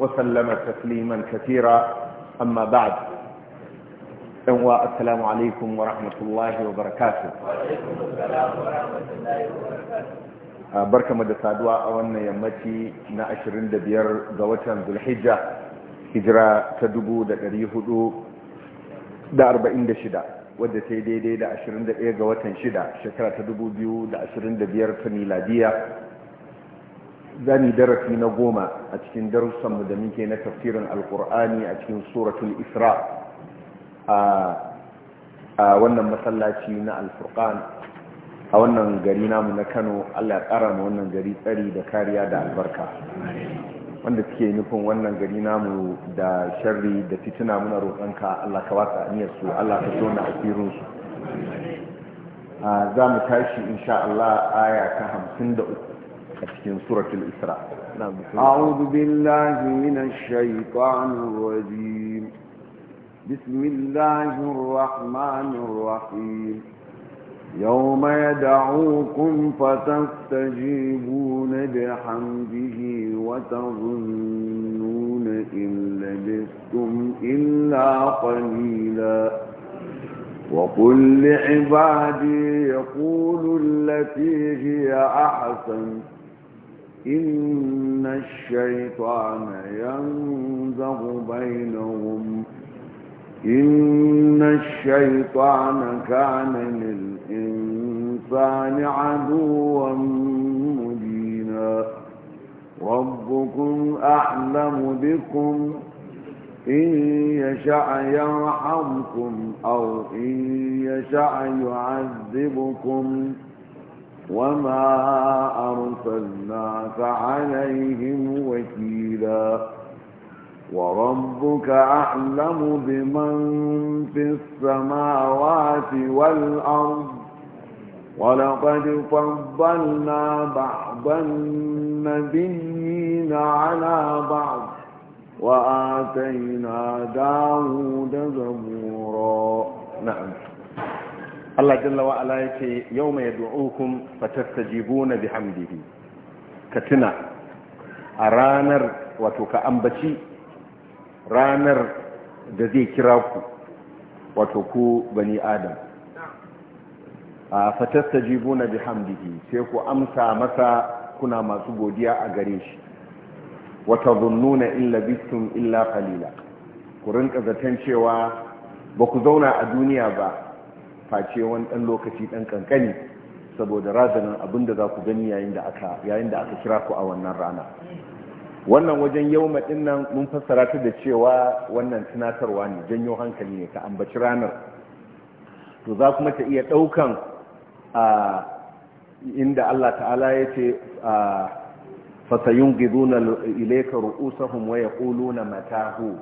وسلم تسليما كثيرا أما بعد السلام عليكم ورحمة الله وبركاته وعليكم السلام ورحمة الله وبركاته barka da saduwa a wannan yammaci na 25 ga watan zulhijja hijira ta 446 wadda sai daidai da 21 ga watan 6 shekara ta 2025 ta miladiya zani darasi na goma a cikin darussanmu da muke na tafsirin alkur'ani a cikin suratul isra a wannan masallaci na alfurqan a wannan gari namu na kano allah ya kara ma wannan gari tsari da kariya da albarka wanda suke nufin wannan gari namu da sharri da fituna muna roƙonka allah ka watsa aniyarsu allah ka tona firinsu za mu tashi insha allah aya ta hamsin da uku في سورة الإسراء نعم، أعوذ بالله من الشيطان الرجيم بسم الله الرحمن الرحيم يوم يدعوكم فتستجيبون بحمده وتظنون إن لبثتم إلا قليلا وقل لعبادي يقولوا التي هي أحسن إن الشيطان ينزغ بينهم إن الشيطان كان للإنسان عدوا مبينا ربكم أعلم بكم إن يشاء يرحمكم أو إن يشاء يعذبكم وما أرسلناك عليهم وكيلا وربك أعلم بمن في السماوات والأرض ولقد فضلنا بعض النبيين على بعض وآتينا داود زبورا نعم Allah jalla wa ala yace yawma yad'ukum fatastajibuna bihamdihi ka tuna a ranar wato ka ambaci ranar da zai kira ku wato ku bani adam a fatastajibuna bihamdihi sai ku amsa masa kuna masu godiya a gare shi wata zunnuna illa bistum illa qalila ku rinka zaton cewa ba ku zauna a duniya ba face wani ɗan lokaci ɗan ƙanƙani saboda razanin abin da za ku gani yayin da aka kira ku a wannan rana wannan wajen yau maɗin nan mun fassara ta da cewa wannan tunatarwa ne janyo hankali ne ta ambaci ranar to za kuma ta iya ɗaukan a inda Allah ta'ala ya ce a fasayin gizuna ilaika waya wa na matahu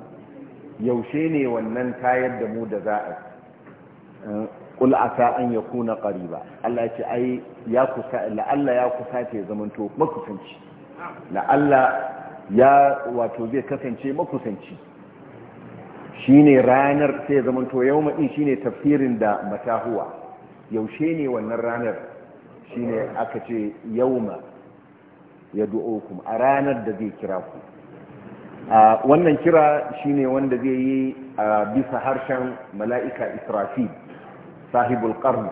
yaushe ne wannan tayar da mu da za za'a qul asa an yakuna Allah ya ce ai ya kusa ya kusa zamanto makusanci la'alla ya wato zai kasance makusanci shine ranar sai zamanto yawma din shine tafsirin da matahuwa yaushe ne wannan ranar ne aka ce yawma yad'ukum a ranar da zai kira ku wannan kira shine wanda zai yi a bisa harshen mala'ika israfil sahibul qarni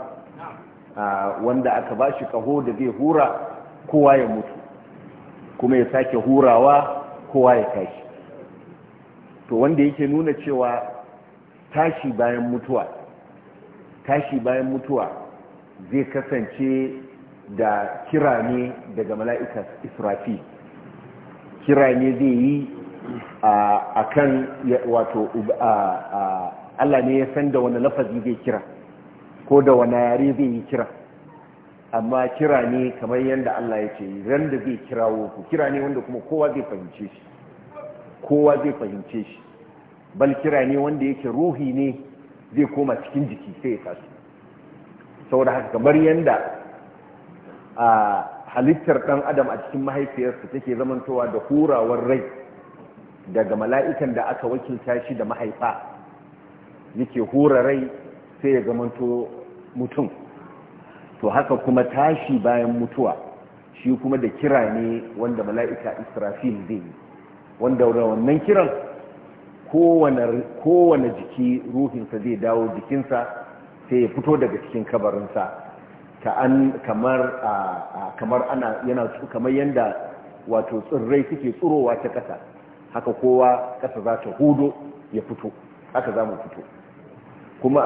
ah, wanda aka bashi kaho da zai hura kowa ya mutu kuma ya sake hurawa kowa ya tashi to wanda yake nuna cewa tashi bayan mutuwa tashi bayan mutuwa zai kasance da kira ne daga mala'ika israfi kira ne zai yi a kan wato Allah ne ya san da wani lafazi zai kira ko da wani yare zai yi kira amma kira ne kamar yadda Allah ya ce randa zai kirawo ku kira ne wanda kuma kowa zai fahimce shi kowa zai fahimce shi bal kira ne wanda yake ruhi ne zai koma cikin jiki sai ya tashi saboda haka kamar yadda a halittar ɗan adam a cikin mahaifiyarsa take zamantowa da hurawar rai daga mala'ikan da aka wakilta shi da mahaifa yake hura rai sai ya zamanto mutum to haka kuma tashi bayan mutuwa shi kuma da kira ne wanda mala'ika israfil zai yi wanda wannan kiran kowane jiki ruhinsa zai dawo jikinsa sai ya fito daga cikin kabarinsa an kamar kamar ana kamar yanda wato tsirrai suke tsurowa ta ƙasa haka kowa ƙasa za ta hudo ya fito haka za mu fito kuma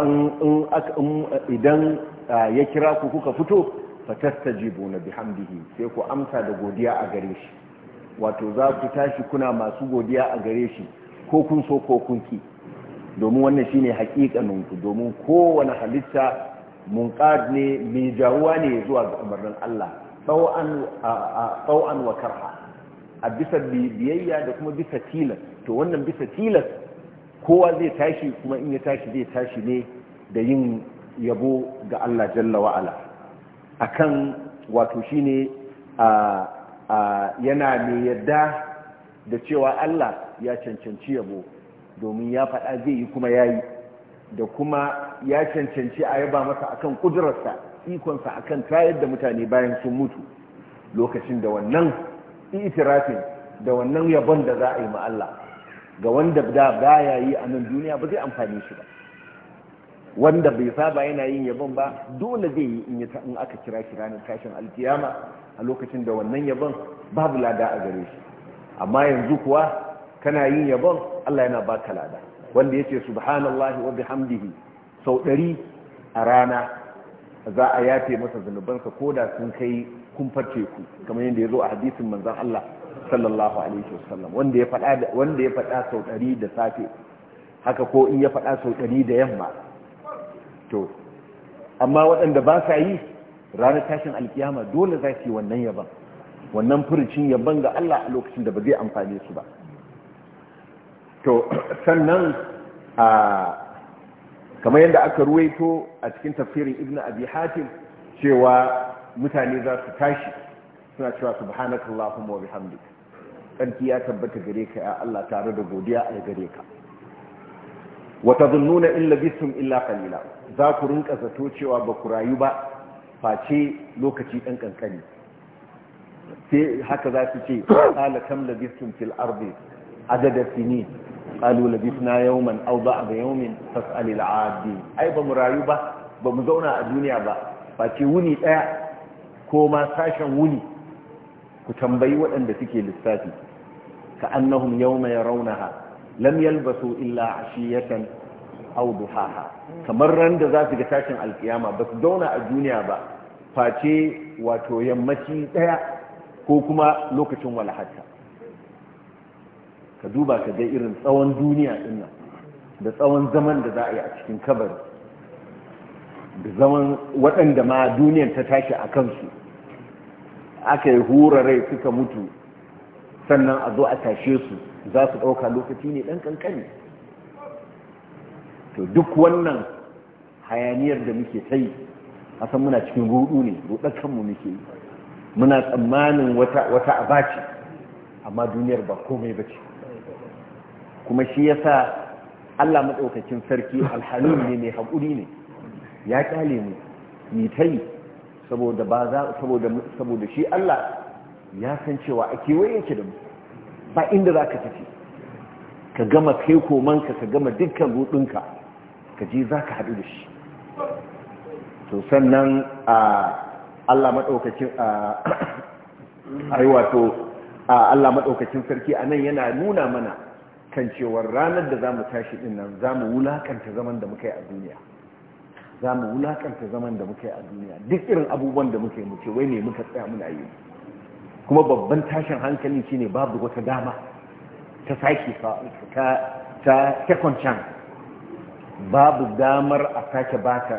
idan ya kira ku kuka fito fatastajibu na bihamdihi sai ku amsa da godiya a gare shi wato za ku tashi kuna masu godiya a gare shi ko kun so ko kun ki domin wannan shine hakikanin ku domin kowane halitta munqad ne mai jawuwa ne zuwa ga umarnin Allah tsawon wa karha a bisa biyayya da kuma bisa tilas to wannan bisa tilas kowa zai tashi kuma in ya tashi zai tashi ne da yin yabo ga Allah jalla wa'ala akan wato shi ne yana mai yadda da cewa Allah ya cancanci yabo domin ya faɗa zai yi kuma ya yi da kuma ya cancanci a yaba masa akan kudurarsa ikonsa akan tayar da mutane bayan sun mutu lokacin da wannan itirafin da wannan yabon da za a yi ma Allah ga wanda da baya yi a nan duniya ba zai amfani shi ba wanda bai saba yana yin yabon ba dole zai yi in in aka kira shi ranar tashin alkiyama a lokacin da wannan yabon babu lada a gare shi amma yanzu kuwa kana yin yabon Allah yana baka lada wanda yace subhanallahi wa bihamdihi sau ɗari a rana za a yafe masa zunubansa ko da sun kai kumfar teku kamar yadda ya zo a hadisin manzan Allah sallallahu alaihi wasallam wanda ya faɗa wanda ya faɗa sau ɗari da safe haka ko in ya faɗa sau ɗari da yamma to amma waɗanda ba sa yi ranar tashin alkiyama dole za su yi wannan yaban wannan furucin yaban ga Allah a lokacin da ba zai amfane su ba to sannan a kamar yadda aka ruwaito a cikin tafsirin ibn abi hatim cewa mutane za su tashi suna cewa subhanakallahumma wa bihamdika tsarki ya tabbata gare ka ya Allah tare da godiya a gare ka wa tazunnuna in labistum illa qalila za ku rinka zato cewa ba ku rayu ba face lokaci dan kankani sai haka za su ce qala kam labistum fil ardi adada sinin qalu labisna yawman aw ba'da yawmin fas'al al 'adi ai ba mu rayu ba ba mu zauna a duniya ba face wuni daya ko ma sashen wuni ku tambayi waɗanda suke lissafi كأنهم يوم يرونها لم يلبثوا إلا audu haha kamar ran da za su ga tashin alkiyama ba su zauna a duniya ba face wato yammaci ɗaya ko kuma lokacin walhatta ka duba ka ga irin tsawon duniya din da tsawon zaman da za a yi a cikin kabari da zaman waɗanda ma duniyar ta tashi a kansu aka yi hura rai suka mutu sannan a zo a tashe su za su ɗauka lokaci ne ɗan ƙanƙani to duk wannan hayaniyar da muke ta yi san muna cikin rudu ne rudar kanmu muke yi muna tsammanin wata abaci amma duniyar ba komai ba ce kuma shi yasa allah maɗaukacin sarki alhalin ne mai haƙuri ne ya ƙyale mu yi ta yi saboda shi allah ya san cewa a kewaye yake da mu ba inda za ka tafi ka gama kai komanka ka gama dukkan rudinka ka je za ka haɗu da shi to sannan a allah maɗaukacin a a allah maɗaukacin sarki a nan yana nuna mana kan cewar ranar da za mu tashi ɗin nan za mu wulaƙanta zaman da muka yi a duniya za mu wulaƙanta zaman da muka yi a duniya duk irin abubuwan da muka yi muke wai ne muka tsaya muna yi kuma babban tashin hankali shine babu wata dama ta sake ta ta second chance babu damar a sake baka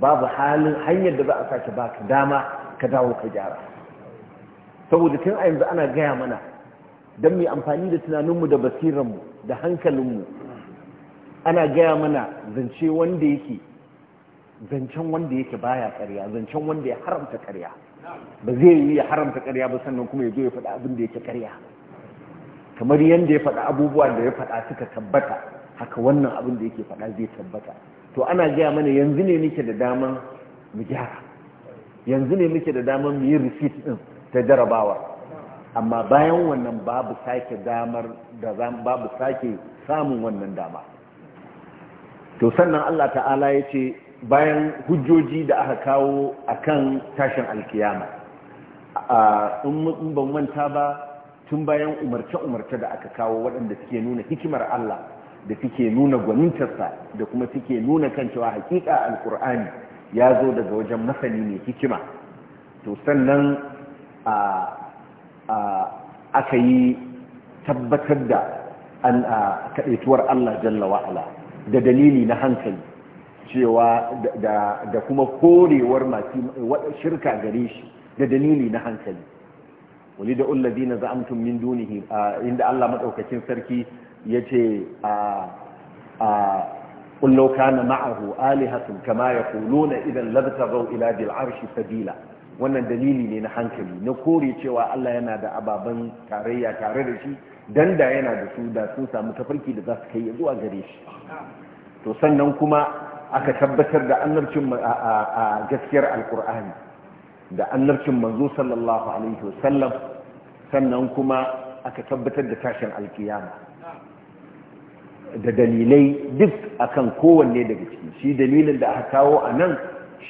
babu halin hanyar da za a sake baka dama ka dawo ka gyara saboda tun a yanzu ana gaya mana don mai amfani da tunaninmu da basiranmu da hankalinmu ana gaya mana zance wanda yake zancen wanda yake baya karya zancen wanda ya haramta karya ba zai yi ya haramta karya ba sannan kuma ya zo ya faɗa abin da yake ƙarya kamar yadda ya faɗa abubuwa da ya faɗa suka tabbata haka wannan abin da yake faɗa zai tabbata to ana gaya mana yanzu ne muke da daman mu gyara yanzu ne muke da daman mu yi receipt ɗin ta jarabawa amma bayan wannan babu sake damar da babu sake samun wannan dama to sannan Allah ta'ala ya ce bayan hujjoji da aka kawo a kan tashin alkiyama a in ban manta ba tun bayan umarce-umarce da aka kawo waɗanda suke nuna hikimar Allah da suke nuna gwanintarsa da kuma suke nuna kan cewa hakika alkur'ani ya zo daga wajen masani mai hikima to sannan aka yi tabbatar da kaɗaituwar Allah jalla wa'ala da dalili na hankali cewa da kuma korewar masu shirka gare shi da dalili na hankali wani da ullazi na za'amtun min dunihi inda Allah maɗaukacin sarki ya ce a ƙullau kana ma'ahu alihatun kama ya na idan labtagau ila bil arshi sabila wannan dalili ne na hankali na kore cewa Allah yana da ababen tarayya tare da shi dan da yana da su da sun samu tafarki da za su kai zuwa gare shi to sannan kuma aka tabbatar da annabcin a gaskiyar alkur'ani da annabcin manzo sallallahu alaihi wasallam sannan kuma aka tabbatar da tashin alkiyama da dalilai duk akan kowanne daga ciki shi dalilin da aka kawo a nan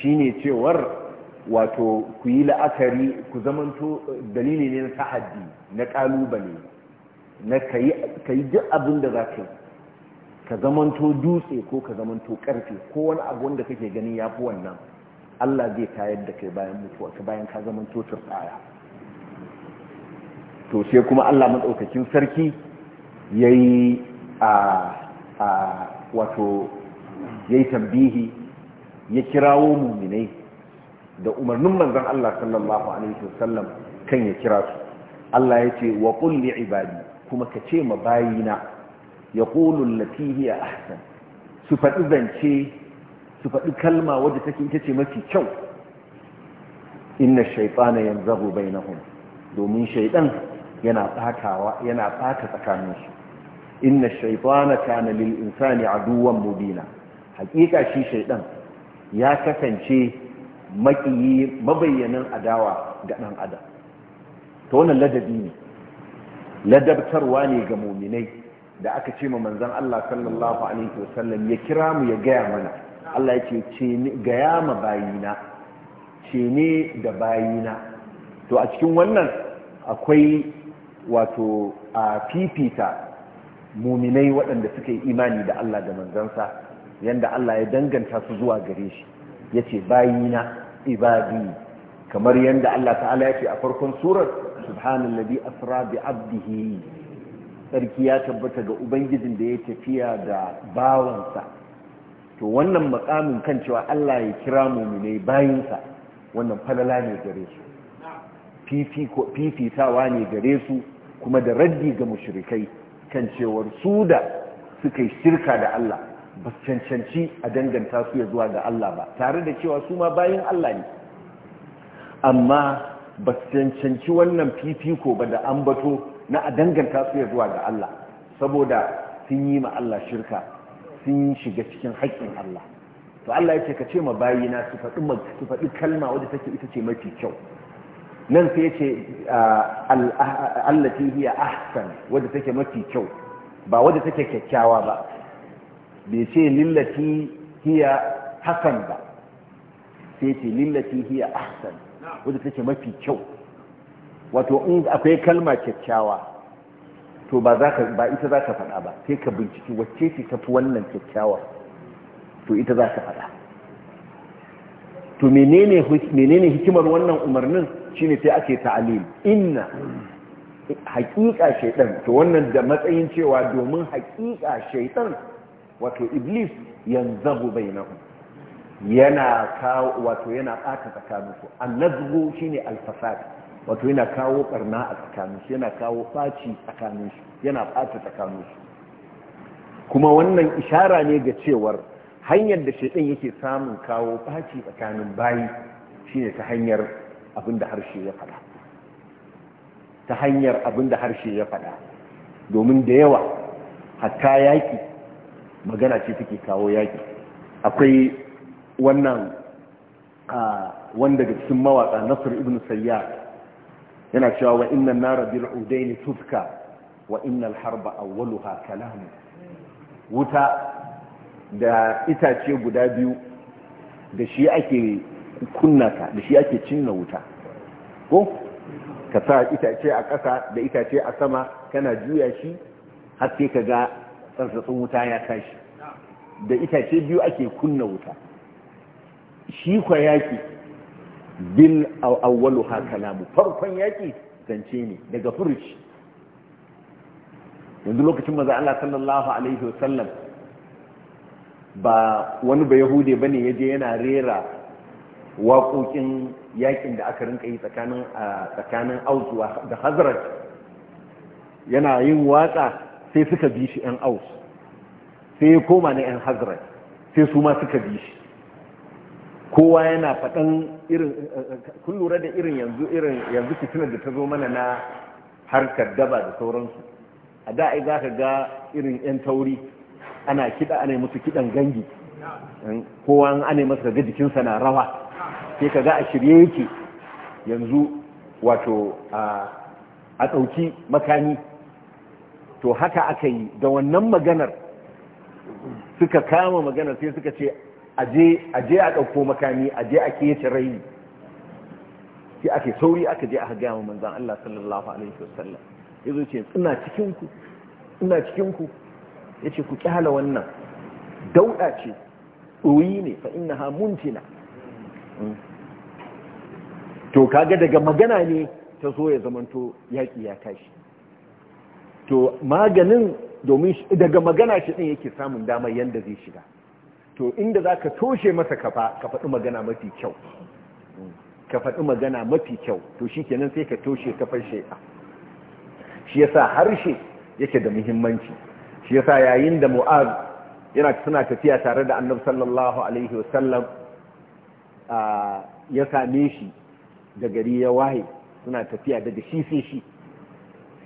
shine cewar wato ku yi la'akari ku zamanto dalili ne na tahaddi na kalubale na ka yi duk abin da za ka yi ka zamanto dutse ko ka zamanto karfe ko wani abu wanda kake gani ya fi wannan Allah zai tayar da kai bayan mutuwa ka bayan ka zamanto turɓaya to sai kuma Allah maɗaukakin sarki ya yi a wato ya yi tambihi ya kirawo muminai da umarnin manzan Allah sallallahu Alaihi wasallam kan ya kira su Allah ya ce wa ƙulli ibadi kuma ka ce ma bayina yaqulu allati a ahsan su faɗi zance su faɗi kalma wadda take ita ce mafi kyau inna shaytana na bainahum domin shaidan yana batawa tsakanin bata tsakaninsu inna shaytana kana lil insani aduwwan mubina hakika shi shaidan ya kasance makiyi mabayyanin adawa ga ɗan adam to wannan ladabi ne ladabtarwa ne ga muminai da aka ce ma manzan Allah sallallahu alaihi wasallam ya kira mu ya gaya mana Allah ya ce gaya ma bayina ce ne da bayina to a cikin wannan akwai wato a fifita muminai waɗanda suka yi imani da Allah da manzansa yadda Allah ya danganta su zuwa gare shi ya ce bayina ibadi kamar yadda Allah ta'ala ya ce a farkon surar subhanallazi asra bi abdihi Sarki ya tabbata ga ubangijin da ya tafiya da bawansa to wannan makamin kan cewa Allah ya kira muminai bayinsa wannan falala ne gare su fifitawa ne gare su kuma da raddi ga mushrikai kan cewar su da suka yi shirka da Allah ba cancanci a danganta su ya zuwa ga Allah ba tare da cewa su ma bayin Allah ne amma ba cancanci wannan fifiko ba da ambato na a danganta su ya zuwa ga Allah saboda sun yi ma Allah shirka sun shiga cikin haƙƙin Allah to Allah ya ce ka ce ma bayina su faɗi su faɗi kalma wadda take ita ce mafi kyau nan sai ya ce allati hiya ahsan wadda take mafi kyau ba wadda take kyakkyawa ba bai ce lillati hiya hasan ba sai ce lillati hiya ahsan wadda take mafi kyau wato in akwai kalma kyakkyawa to ba ita za ka faɗa ba sai ka binciki wacce ce tafi wannan kyakkyawa to ita za ka faɗa to menene hikimar wannan umarnin shine sai ake ta'alim inna haƙiƙa shaitan to wannan da matsayin cewa domin haƙiƙa shaitan wato iblis yanzabu bainahum yana kawo wato yana ɓata tsakaninku annazbu shine alfasad wato yana kawo ɓarna a tsakaninsu yana kawo faci tsakaninsu yana ɓata tsakaninsu kuma wannan ishara ne ga cewar hanyar da shaidan yake samun kawo faci tsakanin bayi shine ta hanyar abinda harshe ya faɗa ta hanyar abin harshe ya faɗa domin da yawa hatta yaƙi magana ce take kawo yaƙi akwai wannan wanda daga cikin mawaƙa nasir ibn sayyar yana cewa wa innan nara bil udaini tufka wa innal harba awwaluha kalamu wuta da itace guda biyu da shi ake kunna ka da shi ake cinna wuta ko ka sa itace a ƙasa da itace a sama kana juya shi har sai ka ga tsarsatsun wuta ya tashi da itace biyu ake kunna wuta shi kwa yaki bil awwalu ha kalamu farkon yaki zance ne daga furuci yanzu lokacin maza Allah sallallahu alaihi sallam ba wani ba yahude bane yaje yana rera waƙoƙin yakin da aka rinka yi tsakanin tsakanin da hazrat yana yin watsa sai suka bi shi yan aus sai ya koma na yan hazrat sai su ma suka bi shi kowa yana faɗan irin kun lura da irin yanzu irin yanzu fitinar da ta zo mana na harkar daba da sauransu a da ai za ka ga irin 'yan tauri ana kiɗa ana musu kiɗan gangi kowa ana masa ga jikinsa na rawa sai ka ga a shirye yake yanzu wato a ɗauki makami to haka aka yi da wannan maganar suka kama maganar sai suka ce aje a ɗauko makami aje a kece rai sai ake sauri aka je aka gaya wa manzan Allah sallallahu alaihi wasallam ya zo ce ina cikinku ya ce ku kyala wannan dauɗa ce ɗoyi ne fa ina ha muntina hmm. to kaga daga magana ne ta zo ya zamanto yaƙi ya tashi to maganin domin daga magana shi ɗin yake samun damar yadda zai shiga to inda za ka toshe masa kafa ka faɗi magana mafi kyau ka faɗi magana mafi kyau to shi kenan sai ka toshe kafar shaiɗa shi ya sa harshe yake da muhimmanci shi ya sa yayin da mu'az yana suna tafiya tare da annabi sallallahu alaihi wasallam ya same shi da gari ya waye suna tafiya daga shi sai shi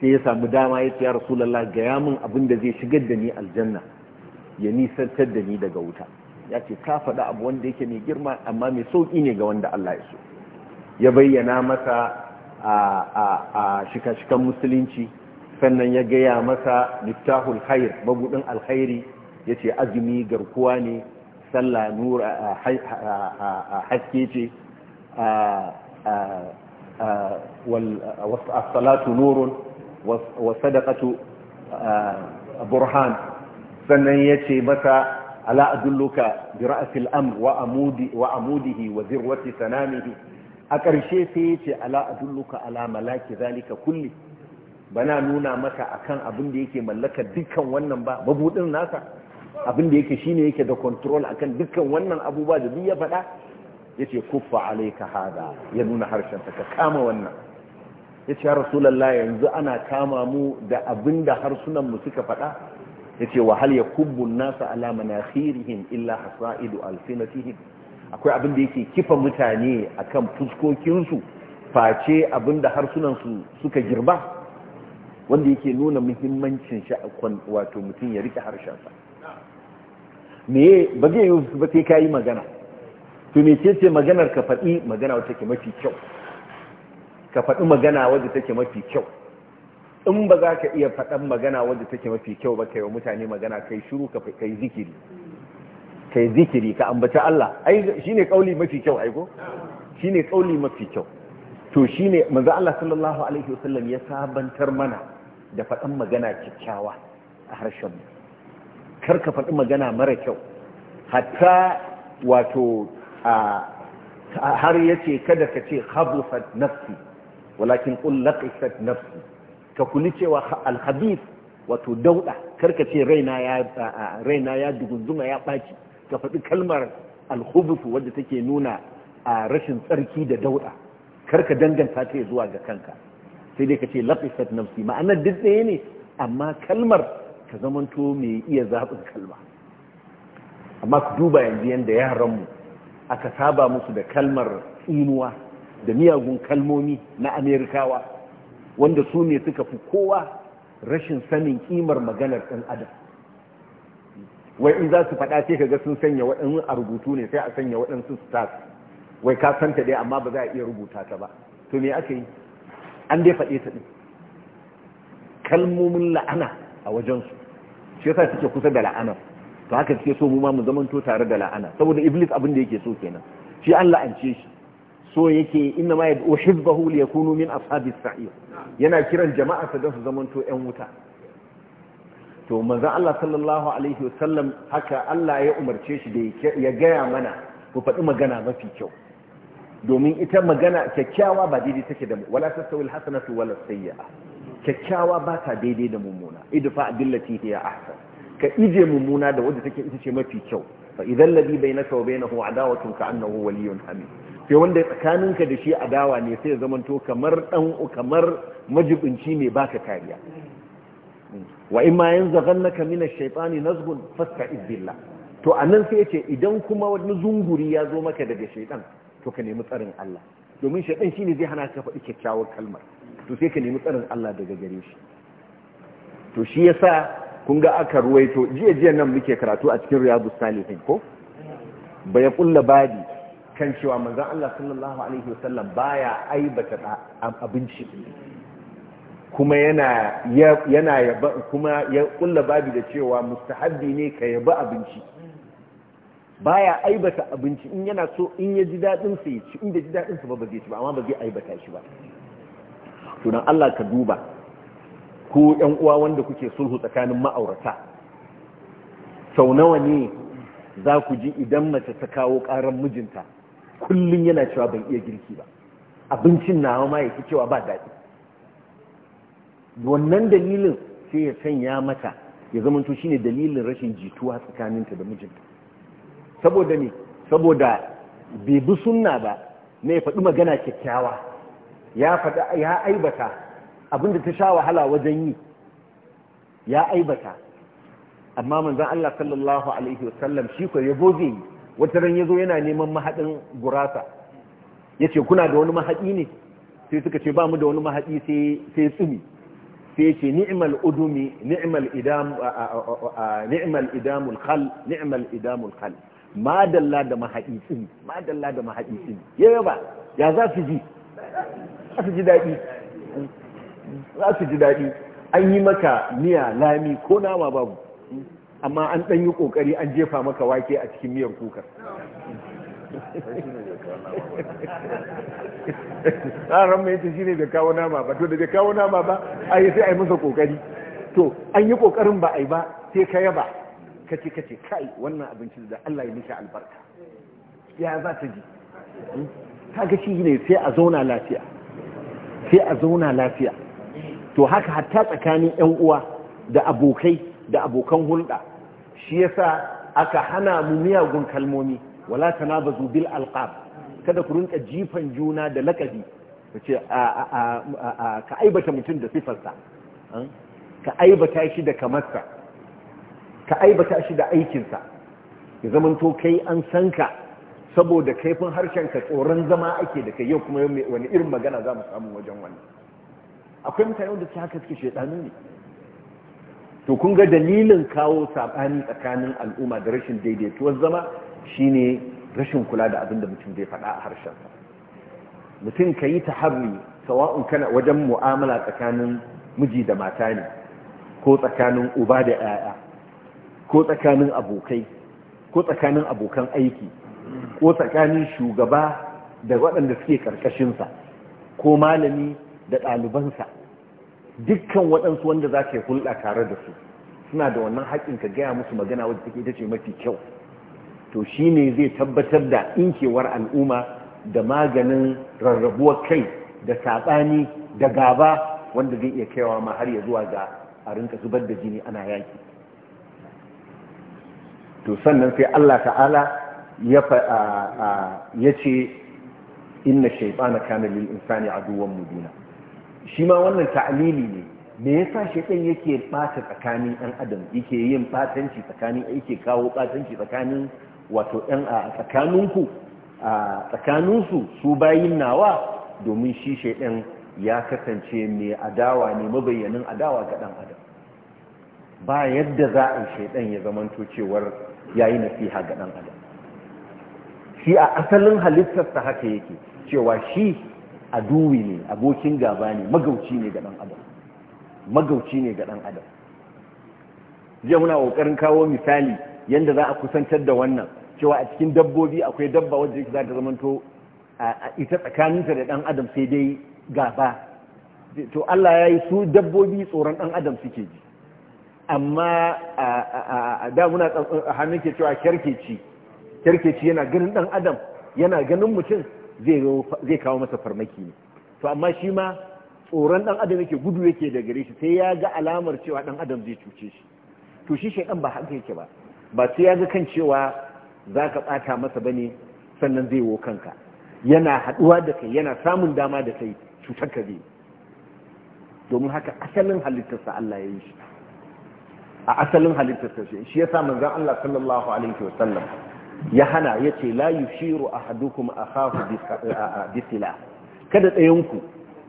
sai ya samu dama ya ce rasulallah ga yamin abin da zai shigar da ni aljanna ya nisantar da ni daga wuta ya ce ka faɗa abu wanda yake mai girma amma mai sauƙi ne ga wanda Allah ya so ya bayyana masa a shika-shikan musulunci sannan ya gaya masa littahul hayar mabudin alhairi ya ce azumi garkuwa ne sallah nura haske ce a salatu nurun wasu sadakatu burhan sannan ya ce masa ala adulluka bi ra'sil amr wa amudi wa amudihi wa zirwati sanamihi a ƙarshe sai ya ce ala adulluka ala malaki zalika kulli bana nuna maka akan abin da yake mallaka dukkan wannan ba mabudin nasa abin da yake shine yake da control akan dukkan wannan abubuwa da duk ya faɗa yace kuffa alayka hada ya nuna harshen ka kama wannan yace ya rasulullah yanzu ana kama mu da abin da harsunan mu suka faɗa yace wa hal yakubbu an-nasa ala manakhirihim illa hasa'idu alfinatihim akwai abin da yake kifa mutane akan fuskokinsu face abin da harsunansu suka girba wanda yake nuna muhimmancin sha'akon wato mutum ya rike harshensa me ba zai yi ba sai yi magana to me ce ce maganar ka faɗi magana wacce take mafi kyau ka faɗi magana wadda take mafi kyau in ba za ka iya faɗan magana wadda take mafi kyau ba kai wa mutane magana kai shiru ka kai zikiri kai zikiri ka ambaci Allah ai shine kauli mafi kyau aiko shine kauli mafi kyau to shine manzo Allah sallallahu alaihi wasallam ya sabantar mana da faɗan magana kyakkyawa a harshen mu kar ka faɗi magana mara kyau hatta wato har yace kada ka ce khabufat nafsi walakin qul laqisat nafsi ka kuli cewa alhabis wato dauda karka ce raina ya ya dugunzuma ya ɓaki ka faɗi kalmar alhubus wadda take nuna a rashin tsarki da dauda karka danganta ta zuwa ga kanka sai dai ka ce laqisat nafsi ma'anar duk ɗaya ne amma kalmar ka zamanto mai iya zaɓin kalma amma ku duba yanzu yadda yaranmu aka saba musu da kalmar tsinuwa da miyagun kalmomi na amerikawa wanda su ne suka fi kowa rashin sanin kimar maganar ɗan adam wai in za su faɗa sai kaga sun sanya waɗannan a rubutu ne sai a sanya waɗansu stars wai ka santa dai amma ba za a iya rubuta ta ba to me aka yi an dai faɗe ta ɗin kalmomin la'ana a wajensu shi yasa suke kusa da la'ana to haka suke so mu ma mu zamanto tare da la'ana saboda iblis abin da yake so kenan shi an la'ance shi so yake inna ma yad'u hizbahu li yakunu min ashabis sa'ir yana kiran jama'a sa da su zamanto ƴan wuta to manzo Allah sallallahu alaihi wasallam haka Allah ya umarce shi da ya gaya mana ku faɗi magana mafi kyau domin ita magana kyakkyawa ba daidai take da mu wala tasawil hasanatu wala sayyi'a kyakkyawa ba ta daidai da mummuna idfa billati hiya ahsan ka ije mummuna da wadda take ita ce mafi kyau fa idan ladhi bainaka wa bainahu adawatun ka annahu waliyyun hamid sai wanda tsakaninka da shi adawa ne sai ya zamanto kamar dan kamar majibinci ne baka kariya wa in ma yanzaghannaka min ash-shaytani nazghun fasta'iz billah to anan sai yace idan kuma wani zunguri ya zo maka daga shaytan to ka nemi tsarin Allah domin shaytan shine zai hana ka faɗi kyakkyawar kalmar to sai ka nemi tsarin Allah daga gare shi to shi yasa kun ga aka ruwaito jiya jiya nan muke karatu a cikin riyadus salihin ko ba labadi kan cewa manzan Allah sallallahu Alaihi wasallam baya aibata abinci kuma yana yaba kuma ya kulla babi da cewa mustahabbi ne ka yaba abinci baya aibata abinci in yana so in ya ji daɗin sa ya ci in da ji daɗin sa ba ba zai ci ba amma ba zai aibata shi ba to dan Allah ka duba ko ƴan uwa wanda kuke sulhu tsakanin ma'aurata sau nawa ne za ku ji idan mace ta kawo ƙaran mijinta kullum yana cewa ban iya girki ba abincin na ma ya fi cewa ba daɗi wannan dalilin sai ya sanya mata ya zamanto shine dalilin rashin jituwa tsakaninta da mijinta saboda ne saboda bai bi sunna ba na ya faɗi magana kyakkyawa ya faɗa ya aibata abinda ta sha wahala wajen yi ya aibata amma manzon Allah sallallahu alaihi wasallam shi ko yabo zai yi wata ran zo yana neman mahadin gurasa ya ce kuna da wani mahadi ne sai suka ce ba mu da wani mahadi sai tsumi sai ce Ni'imal udumi Ni'imal ni'mal idamul khal Ni'imal idamul khal ma dalla da mahadi tsumi ma dalla da mahadi tsumi ya yaba ya za su ji za su ji daɗi, za su ji daɗi, an yi maka miya lami ko nama babu amma an ɗan yi ƙoƙari an jefa maka wake a cikin miyar kuka tsaron mai shi ne da kawo nama ba to da da kawo nama ba a yi sai a yi masa ƙoƙari to an yi ƙoƙarin ba a yi ba sai ka yaba kace kace kai wannan abincin da Allah ya mishi albarka ya za ta ji hmm? ga shi ne sai a zauna lafiya sai a zauna lafiya to haka hatta tsakanin yan uwa da abokai da abokan hulɗa shi yasa aka hana mu miyagun kalmomi wala tanabazu bil alqab kada ku rinka jifan juna da lakabi kace ka aibata mutum da sifarsa ka aibata shi da kamarsa ka aibata shi da aikin sa. ya zamanto kai an san ka saboda kaifin harshen ka tsoron zama ake da kai yau kuma wani irin magana za mu samu wajen wannan akwai mutane wanda su haka suke shedanu ne to kun ga dalilin kawo sabani tsakanin al'umma da rashin daidaituwar zama shine rashin kula da abin da mutum zai faɗa a harshensa mutum ka yi ta harri sawa'un kana wajen mu'amala tsakanin miji da mata ne ko tsakanin uba da 'ya'ya ko tsakanin abokai ko tsakanin abokan aiki ko tsakanin shugaba da waɗanda suke ƙarƙashinsa ko malami da ɗalibansa dukkan waɗansu wanda za ka yi hulɗa tare da su suna da wannan haƙƙin ka gaya musu magana wadda take ita ce mafi kyau to shi ne zai tabbatar da inkewar al'umma da maganin rarrabuwar kai da saɓani da gaba wanda zai iya kaiwa ma har ya zuwa ga a rinka zubar da jini ana yaƙi to sannan sai Allah ta'ala ya ce inna shaifana kana lil insani aduwwan mudina shi ma wannan ta'alili ne me yasa shaitan yake ɓata tsakanin ɗan adam yake yin batanci tsakanin yake kawo batanci tsakanin wato ɗan a tsakaninku a tsakaninsu su bayin nawa domin shi shaitan ya kasance mai adawa ne mabayyanin adawa ga ɗan adam ba yadda za a shaitan ya zama to cewar yayi nasiha ga ɗan adam shi a asalin halittarsa haka yake cewa shi aduwi ne abokin gaba ne magauci ne ga dan adam magauci ne ga dan adam jiya muna kokarin kawo misali yanda za a kusantar da wannan cewa a cikin dabbobi akwai dabba wadda yake za ta zamanto ita tsakaninta da dan adam sai dai gaba to Allah ya yi su dabbobi tsoron dan adam suke ji amma da muna hannun ke cewa kyarkeci kyarkeci yana ganin dan adam yana ganin mutum zai kawo masa farmaki ne to amma shi ma tsoron dan adam yake gudu yake da gare shi sai ya ga alamar cewa dan adam zai cuce shi to shi shaidan ba haka yake ba ba sai ya ga kan cewa za ka bata masa ba ne sannan zai wo kanka yana haduwa da kai yana samun dama da kai cutar ka zai domin haka asalin halittarsa Allah ya yi shi a asalin halittarsa shi yasa manzon Allah sallallahu alaihi wasallam ya hana ya ce la yushiru ahadukum akhahu bisila kada ɗayanku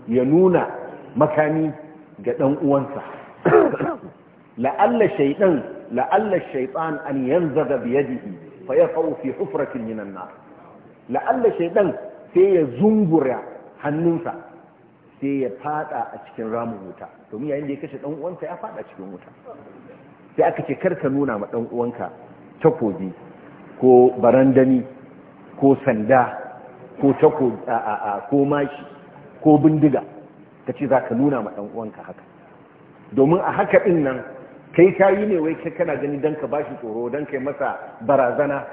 ya nuna makami ga ɗan uwansa la'alla shaiɗan la'alla shaytan an yanzaga bi yadihi fa yaqau fi hufratin min an la'alla sai ya zungura hannunsa sai ya fada a cikin ramu wuta domin yayin da ya kashe ɗan uwansa ya fada cikin wuta sai aka ce karka nuna ma ɗan uwanka takobi ko barandani ko sanda ko tako ko mashi ko bindiga ka ce za ka nuna ma uwanka haka domin a haka ɗin nan kai kayi ne wai kai kana gani don ka ba shi tsoro don kai masa barazana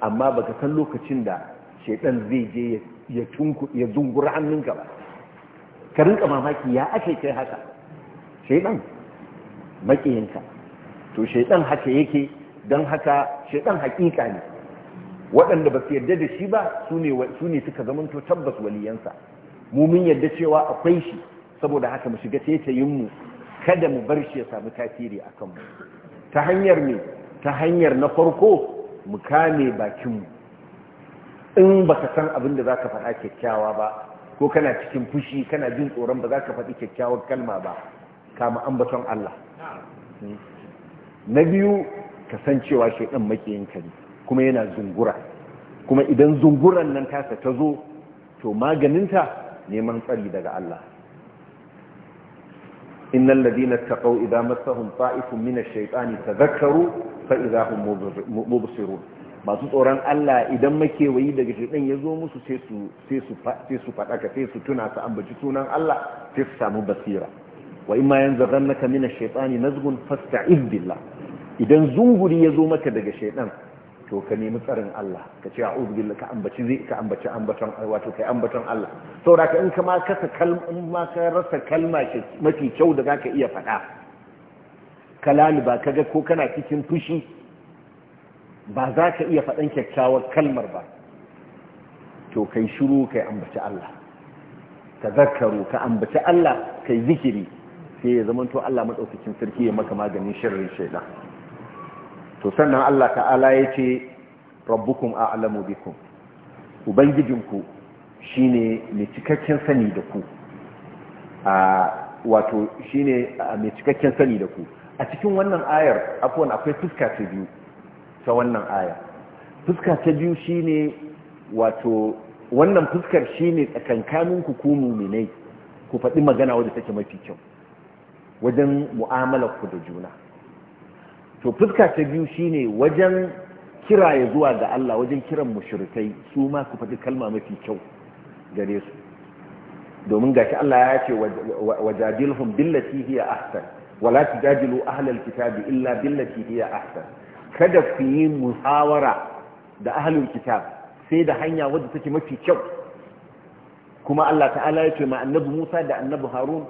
amma baka san lokacin da shaidan zai je ya tunku ya zungura hannunka ba ka rinka mamaki ya ake kai haka shaidan makiyinka to shaidan haka yake don haka ɗan hakika ne waɗanda ba su yadda da shi ba su ne suka zamanto tabbas waliyansa mu yadda yarda cewa akwai shi saboda haka mu shiga mu kada mu bar shi ya samu tasiri a kanmu ta hanyar ne ta hanyar na farko mu kame bakinmu in ba ka san abin da za ka faɗa kyakkyawa ba ko kana cikin fushi kana jin tsoron ba za ka faɗi kyakkyawar kalma ba kama ambaton Allah hmm. na biyu ka san cewa shaidan makiyin ka ne kuma yana zungura kuma idan zunguran nan tasa ta zo to maganinta neman tsari daga Allah innal ladina taqaw idza massahum ta'ifun min ash-shaytani tadhakkaru fa idza hum mubsirun masu tsoron Allah idan makewayi daga shaidan ya zo musu sai su sai su sai su fadaka sai su tuna su ambaci sunan Allah sai su samu basira wa imma yanzaghannaka min ash-shaytani nazghun fasta'id billah idan zunguri ya zo maka daga shaidan to ka nemi tsarin Allah ka ce a'udhu billahi ka ambaci zai ka ambaci ambaton wato kai ambaton Allah saboda ka in ka ma kasa kalma in ma ka rasa kalma ce mafi kyau da zaka iya faɗa ka ba kaga ko kana cikin fushi ba za ka iya faɗan kyakkyawar kalmar ba to kai shiru kai ambaci Allah ka zakaru ka ambaci Allah kai zikiri sai ya zamanto Allah madaukakin sarki ya maka maganin shirin shaidan to sannan Allah ta'ala ya ce rabbukum a'lamu bikum ubangijinku shine mai cikakken sani da ku a wato shine mai cikakken sani da ku a cikin wannan ayar afwan akwai fuska ta biyu ta wannan ayar fuska ta biyu shine wato wannan fuskar shine tsakankanin ku ku mu'minai ku faɗi magana wadda take mafi kyau wajen mu'amalar ku da juna to fuska ta biyu shine wajen kira ya zuwa ga Allah wajen kiran mushrikai su ma su faɗi kalma mafi kyau gare su domin gashi Allah ya ce wajadilhum billati hiya ahsan wala tujadilu ahlal kitabi illa billati hiya ahsan kada ku yi muhawara da ahlul kitab sai da hanya wadda take mafi kyau kuma Allah ta'ala ya ce ma annabi Musa da annabi Harun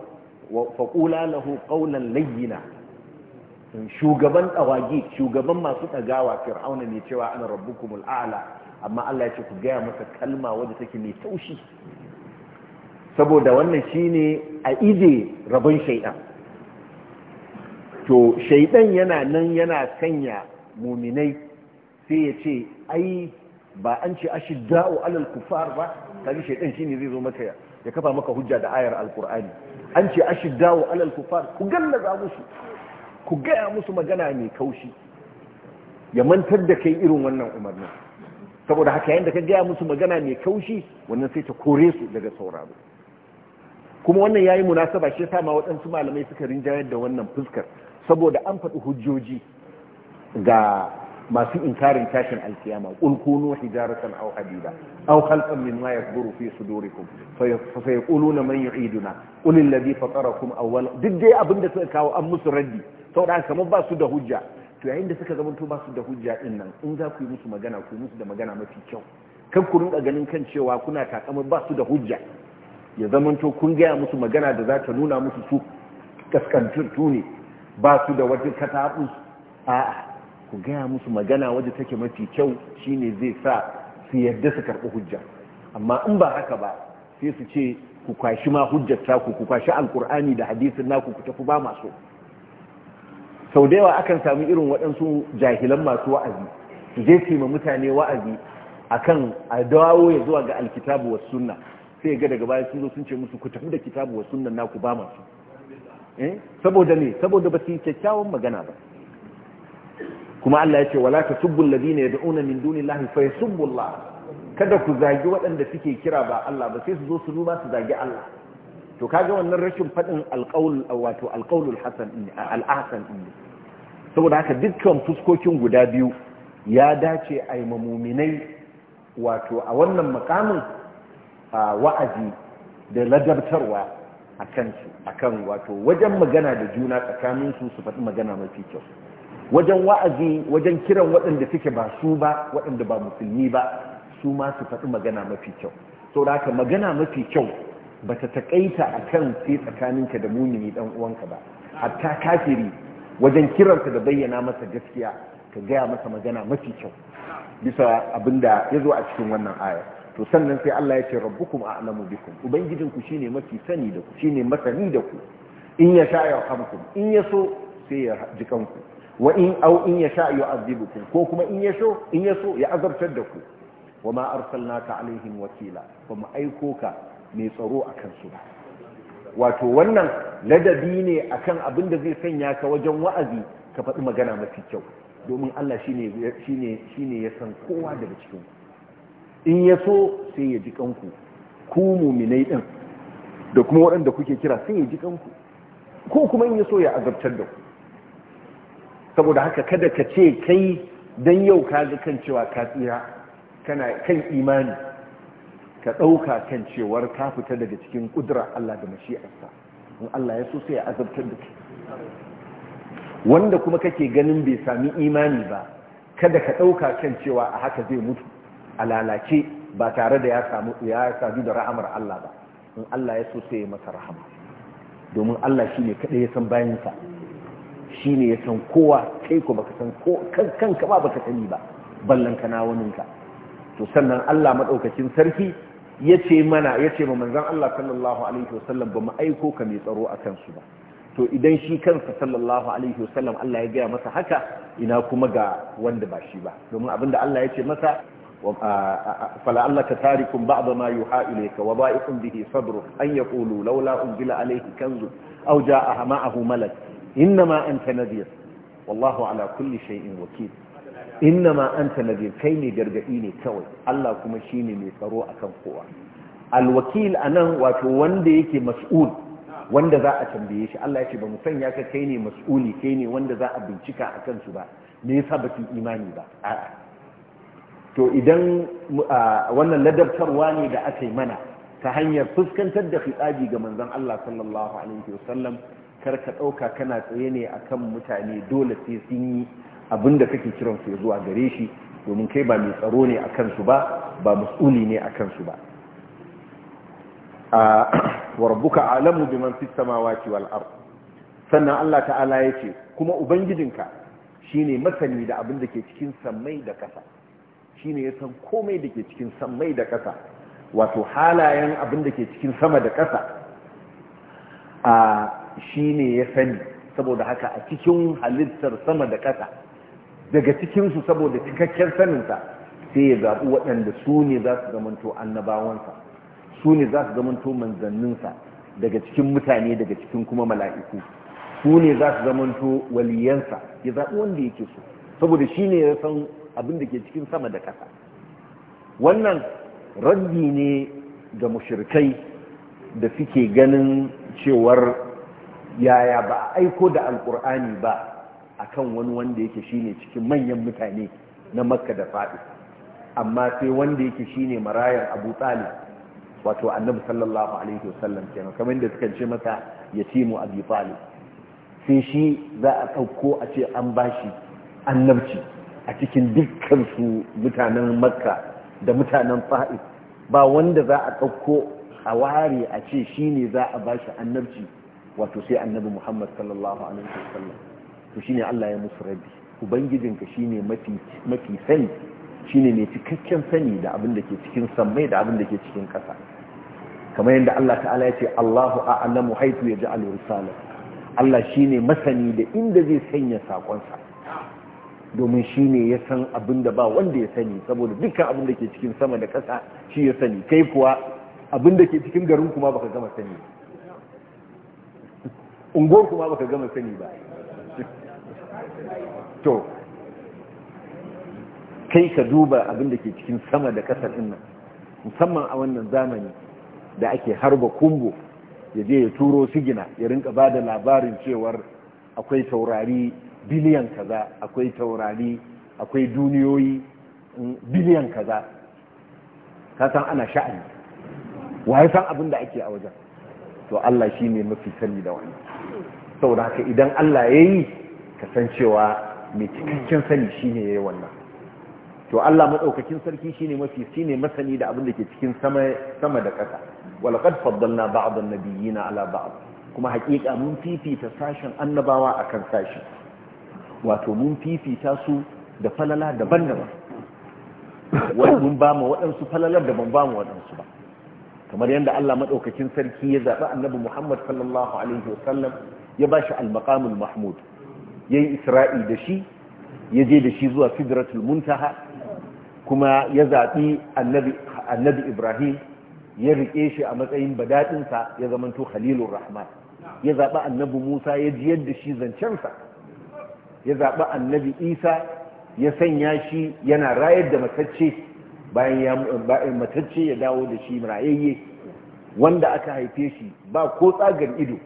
fa faqula lahu qawlan layyina shugaban tsawagi shugaban masu ɗagawa fir'auna ne cewa ana rabbukumul a'la amma Allah ya ce ku gaya masa kalma wadda take mai taushi saboda wannan shine a ize rabon shaidan to shaidan yana nan yana sanya muminai sai ya ce ai ba an ce ashidda'u alal kufar ba kaji shaidan shine zai zo maka ya kafa maka hujja da ayar alkur'ani an ce ashidda'u alal kufar ku gallaza musu ku gaya musu magana mai kaushi ya mantar da kai irin wannan umarnin saboda haka yayin da ka gaya musu magana mai kaushi wannan sai ta kore su daga sauraro kuma wannan yayi munasaba shi yasa ma waɗansu malamai suka rinjayar da wannan fuskar saboda an faɗi hujjoji ga masu inkarin tashin alkiyama ulkunu hijaratan aw hadida aw khalqan ma yakburu fi sudurikum fa sayaquluna man yu'iduna qul alladhi fatarakum awwal duk dai abinda suka kawo an musu raddi saboda kamar ba su da hujja to yayin da suka zamanto ba su da hujja din nan in za ku yi musu magana ku yi musu da magana mafi kyau kan ku rinka ganin kan cewa kuna takamar ba su da hujja ya zamanto kun gaya musu magana da za ta nuna musu su kaskantattu ne ba su da wajen kataɓu a ku gaya musu magana wajen take mafi kyau shine zai sa su yadda su karɓi hujja amma in ba haka ba sai su ce ku kwashi ma hujjata ku kwashi alkur'ani da hadisin naku ku tafi ba masu sau da yawa akan samu irin waɗansu jahilan masu wa'azi su je su ma mutane wa'azi kan a dawo ya zuwa ga alkitabu wa sunna sai ga daga baya sun zo sun ce musu ku tafi da kitabu wa sunna naku ba masu eh? saboda ne saboda ba su yi kyakkyawan magana ba kuma Allah ya ce wala tasubbu alladhina yad'una min dunillahi fayasubbu Allah kada ku zagi waɗanda suke kira ba Allah ba sai su zo su numa su zagi Allah to kaga wannan rashin fadin alqaul wato alqaulul hasan al-ahsan saboda haka dukkan fuskokin guda biyu ya dace a yi mamuminai wato a wannan makamin wa'azi da ladabtarwa a kansu a kan wato wajen magana da juna tsakaninsu su faɗi magana mafi kyau wajen wa'azi wajen kiran waɗanda suke ba su ba waɗanda ba musulmi ba su ma su faɗi magana mafi kyau saboda haka magana mafi kyau ba ta taƙaita a kan sai tsakaninka da mumini ɗan uwanka ba hatta kafiri wajen kiransa da bayyana masa gaskiya ka gaya masa magana mafi kyau bisa abinda ya zo a cikin wannan aya to sannan sai Allah ya ce rabbukum a'lamu bikum ubangijinku shine mafi sani da ku shine masani da ku in ya sha ya hamkum in ya so sai ya ji kanku wa in au in ya sha yu'adhibukum ko kuma in ya so in ya so ya azabtar da ku wa ma arsalnaka alaihim wakila ba mu aiko ka mai tsaro akan su wato wannan ladabi ne akan abin da zai sanya ka wajen wa'azi ka faɗi magana mafi kyau domin Allah shine ya san kowa daga cikin in ya so sai ya ji kanku ku muminai ɗin. da kuma waɗanda kuke kira sai ya ji kanku ko kuma in ya so ya azabtar da ku saboda haka kada ka ce kai dan yau ka ga kan cewa ka tsira kana kan imani ka ɗauka kan cewar ka fita daga cikin ƙudura Allah da mashi'arsa in Allah ya so sai ya azabtar da ke. wanda kuma kake ganin bai sami imani ba kada ka ɗauka kan cewa a haka zai mutu a lalace ba tare da ya samu ya sadu da ra'amar Allah ba in Allah ya so sai ya masa rahama domin Allah shi ne kaɗai ya san bayansa ne ya san kowa kai ko baka san ko kanka ba baka sani ba ballan kana waninka to sannan Allah madaukakin sarki ya ce mana ya ce ma manzan Allah sallallahu alaihi wasallam ba mu aiko ka mai tsaro a kansu ba to idan shi kansa sallallahu alaihi wasallam Allah ya gaya masa haka ina kuma ga wanda ba shi ba domin abinda Allah ya ce masa fala allaka tarikum ba'd ma yuha ilayka wa ba'iqun bihi sabru an yaqulu laula unzila alayhi kanzu aw jaa ma'ahu malak inma anta nadhir wallahu ala kulli shay'in wakil innama anta nadir kai ne gargadi ne kawai Allah kuma shine mai tsaro akan kowa alwakil nan wato wanda yake mas'ul wanda za a tambaye shi Allah ya ce ba mu sanya ka kai ne mas'uli kai ne wanda za a bincika akan su ba me yasa baki imani ba a'a to idan wannan ladabtarwa ne da aka yi mana ta hanyar fuskantar da fitsaji ga manzon Allah sallallahu alaihi wasallam kar ka dauka kana tsaye ne akan mutane dole sai sun yi abinda kake kiran su zuwa gare shi domin kai ba mai tsaro ne a kansu ba ba mas'uli ne a kansu ba wa rabbuka alamu biman fis samawati wal ard sannan Allah ta'ala yace kuma ubangijinka shine masani da abin da ke cikin sammai da ƙasa shine ya san komai da ke cikin sammai da ƙasa wato halayen abin da ke cikin sama da ƙasa a shine ya sani saboda haka a cikin halittar sama da ƙasa daga cikinsu saboda cikakken saninsa sai ya zaɓi waɗanda su ne za su zamanto annabawansa su ne za su zamanto manzanninsa daga cikin mutane daga cikin kuma mala'iku su ne za su zamanto waliyansa ya zaɓi wanda yake so saboda shi ne ya san abin da ke cikin sama da ƙasa wannan raddi ne ga mushirkai da suke ganin cewar yaya ba a aiko da alƙur'ani ba akan wani wanda yake shine cikin manyan mutane na makka da faɗi amma sai wanda yake shine marayar abu talib wato annabi sallallahu alaihi wasallam kenan kamar da suka ce masa yatimu abi talib sai shi za a ɗauko a ce an bashi annabci a cikin dukkan su mutanen makka da mutanen fa'i ba wanda za a ɗauko a ware a ce shine za a bashi annabci wato sai annabi muhammad sallallahu alaihi wasallam to shine Allah ya musu rabbi ubangijinka shine mafi mafi sani shine mai cikakken sani da abin da ke cikin sammai da abin da ke cikin ƙasa kamar yadda Allah ta'ala ya ce Allahu a'lamu ji yaj'alu risalah Allah shine masani da inda zai sanya sakonsa domin shi ne ya san abin da ba wanda ya sani saboda dukkan abin da ke cikin sama da ƙasa shi ya sani kai kuwa abin da ke cikin garin kuma baka gama sani unguwar kuma baka gama sani ba to kai ka duba abin da ke cikin sama da kasar nan musamman a wannan zamani da ake harba kumbo ya je ya turo sigina ya rinka ba da labarin cewar akwai taurari biliyan kaza akwai taurari akwai duniyoyi mm, biliyan kaza ka san ana sha'ani waye san abin da ake a wajen to Allah shi ne mafi sani da wani saboda haka idan Allah ya yi ka san cewa mai cikakken sani shi ne ya yi wannan to Allah madaukakin sarki shi ne mafi shi ne masani da abin da ke cikin sama da ƙasa walaqad faddalna ba'd an na ala ba'd kuma haƙiƙa mun fifita sashin annabawa a kan sashi wato mun fifita su da falala daban-daban wani mun ba mu waɗansu falalar da ban ba mu waɗansu ba kamar yadda Allah maɗaukakin sarki ya zaɓi annabi Muhammad sallallahu alaihi wasallam ya ba shi al-maqamul mahmud ya yi isra'i da shi ya je da shi zuwa fidratul muntaha kuma ya zaɓi annabi ibrahim ya riƙe shi a matsayin badaɗinsa ya zamanto halilun rahman ya zaɓi annabi musa ya jiyar da shi zancensa ya zaɓi annabi isa ya sanya shi yana rayar da matacce bayan matacce ya dawo da shi rayayye wanda aka haife shi ba ko tsagar ido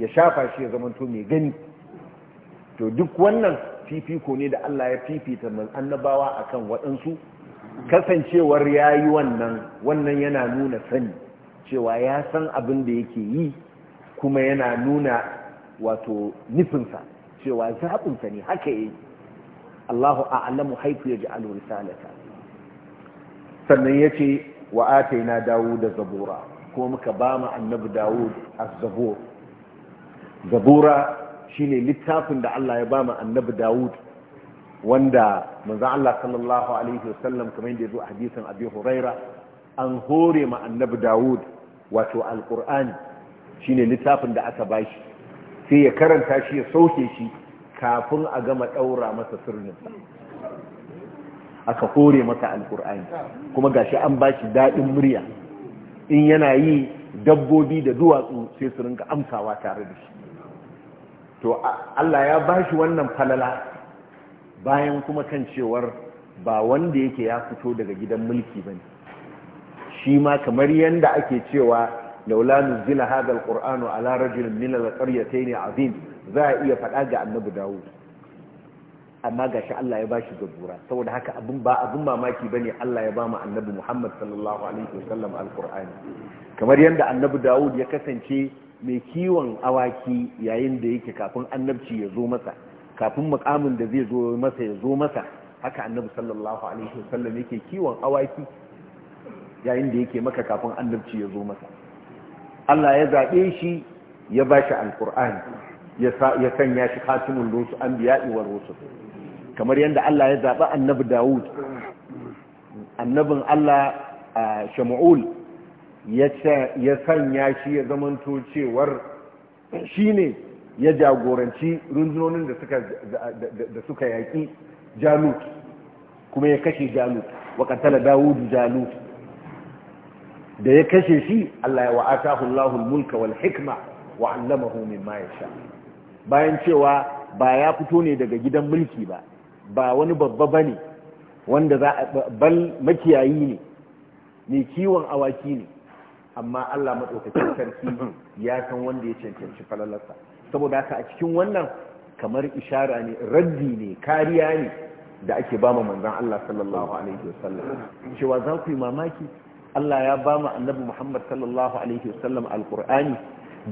ya shafa shi ya zamanto mai gani to duk wannan fifiko ne da Allah ya fifita mai annabawa akan waɗansu kasancewar ya yi wannan wannan yana nuna sani cewa ya san abin da yake yi kuma yana nuna wato nufinsa cewa zaɓinsa ne haka yi Allahu a'lamu haifu ya ji risalata sannan ya ce wa ataina dawo da zabura kuma muka ba mu annabi dawo a zabur zabura shine littafin da Allah ya ba mu annabi Dawud wanda manzo Allah sallallahu alaihi wasallam kamar yadda yazo hadisin Abi Huraira an hore ma annabi Dawud wato alqur'ani shine littafin da aka bashi sai ya karanta shi ya sauke shi kafin a gama daura masa sirrin aka hore masa alqur'ani kuma gashi an bashi dadin murya in yana yi dabbobi da duwatsu sai su rinka amsawa tare da shi to Allah ya bashi wannan falala bayan kuma kan cewar ba wanda yake ya fito daga gidan mulki ba ne. shi ma kamar yadda ake cewa laula nuzila hadha alqur'anu ala rajulin min alqaryatayn azim za a iya faɗa ga annabi dawud amma gashi Allah ya bashi zabura saboda haka abin ba abin mamaki bane Allah ya ba mu annabi Muhammad sallallahu alaihi wasallam alqur'ani kamar yadda annabi dawud ya kasance mai kiwon awaki yayin da yake kafin annabci ya zo masa kafin mukamin da zai zo masa ya zo masa haka annabi sallallahu alaihi wasallam yake kiwon awaki yayin da yake maka kafin annabci ya zo masa Allah ya zaɓe shi ya ba shi alƙur'ani ya sanya shi katimun rusu an biya iwar kamar yadda Allah ya zaɓi annabi Dawud annabin Allah Shamu'ul ya sanya shi ya zamanto cewar shi ne ya jagoranci rundunonin da suka yaƙi jalut kuma ya kashe jalut waƙantala dawudu jalut da ya kashe shi Allah ya wa'ata mulka wal hikma wa allamahu mimma yasha bayan cewa ba ya fito ne daga gidan mulki ba ba wani babba bane wanda za bal makiyayi ne mai kiwon awaki ne amma Allah maɗaukacin sarki ya san wanda ya cancanci falalarsa saboda haka a cikin wannan kamar ishara ne raddi ne kariya ne da ake ba mu manzon Allah sallallahu alaihi wasallam cewa za ku yi mamaki Allah ya ba mu annabi Muhammad sallallahu alaihi wasallam alqur'ani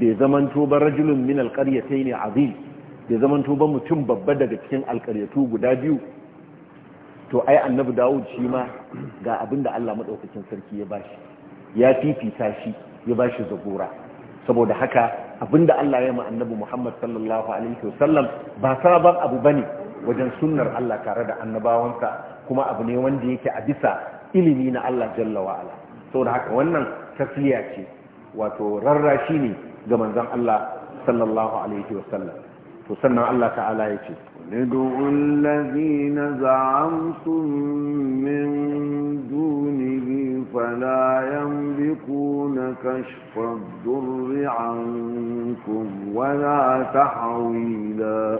bai zamanto ba rajulun min alqaryatayn azim bai zamanto ba mutum babba daga cikin alƙaryatu guda biyu to ai annabi Dawud shi ma ga abinda Allah madaukakin sarki ya bashi ya fifita shi ya ba shi zabura saboda haka abinda Allah ya ma annabi Muhammad sallallahu alaihi wasallam ba sabon abu bane wajen sunnar Allah tare da annabawansa kuma abu ne wanda yake a bisa ilimi na Allah jalla wa ala saboda haka wannan tasliya ce wato rarrashi ne ga manzon Allah sallallahu alaihi wasallam to sannan Allah ta'ala ya ce ادعوا الذين زعمتم من دونه فلا يملكون كشف الضر عنكم ولا تحويلا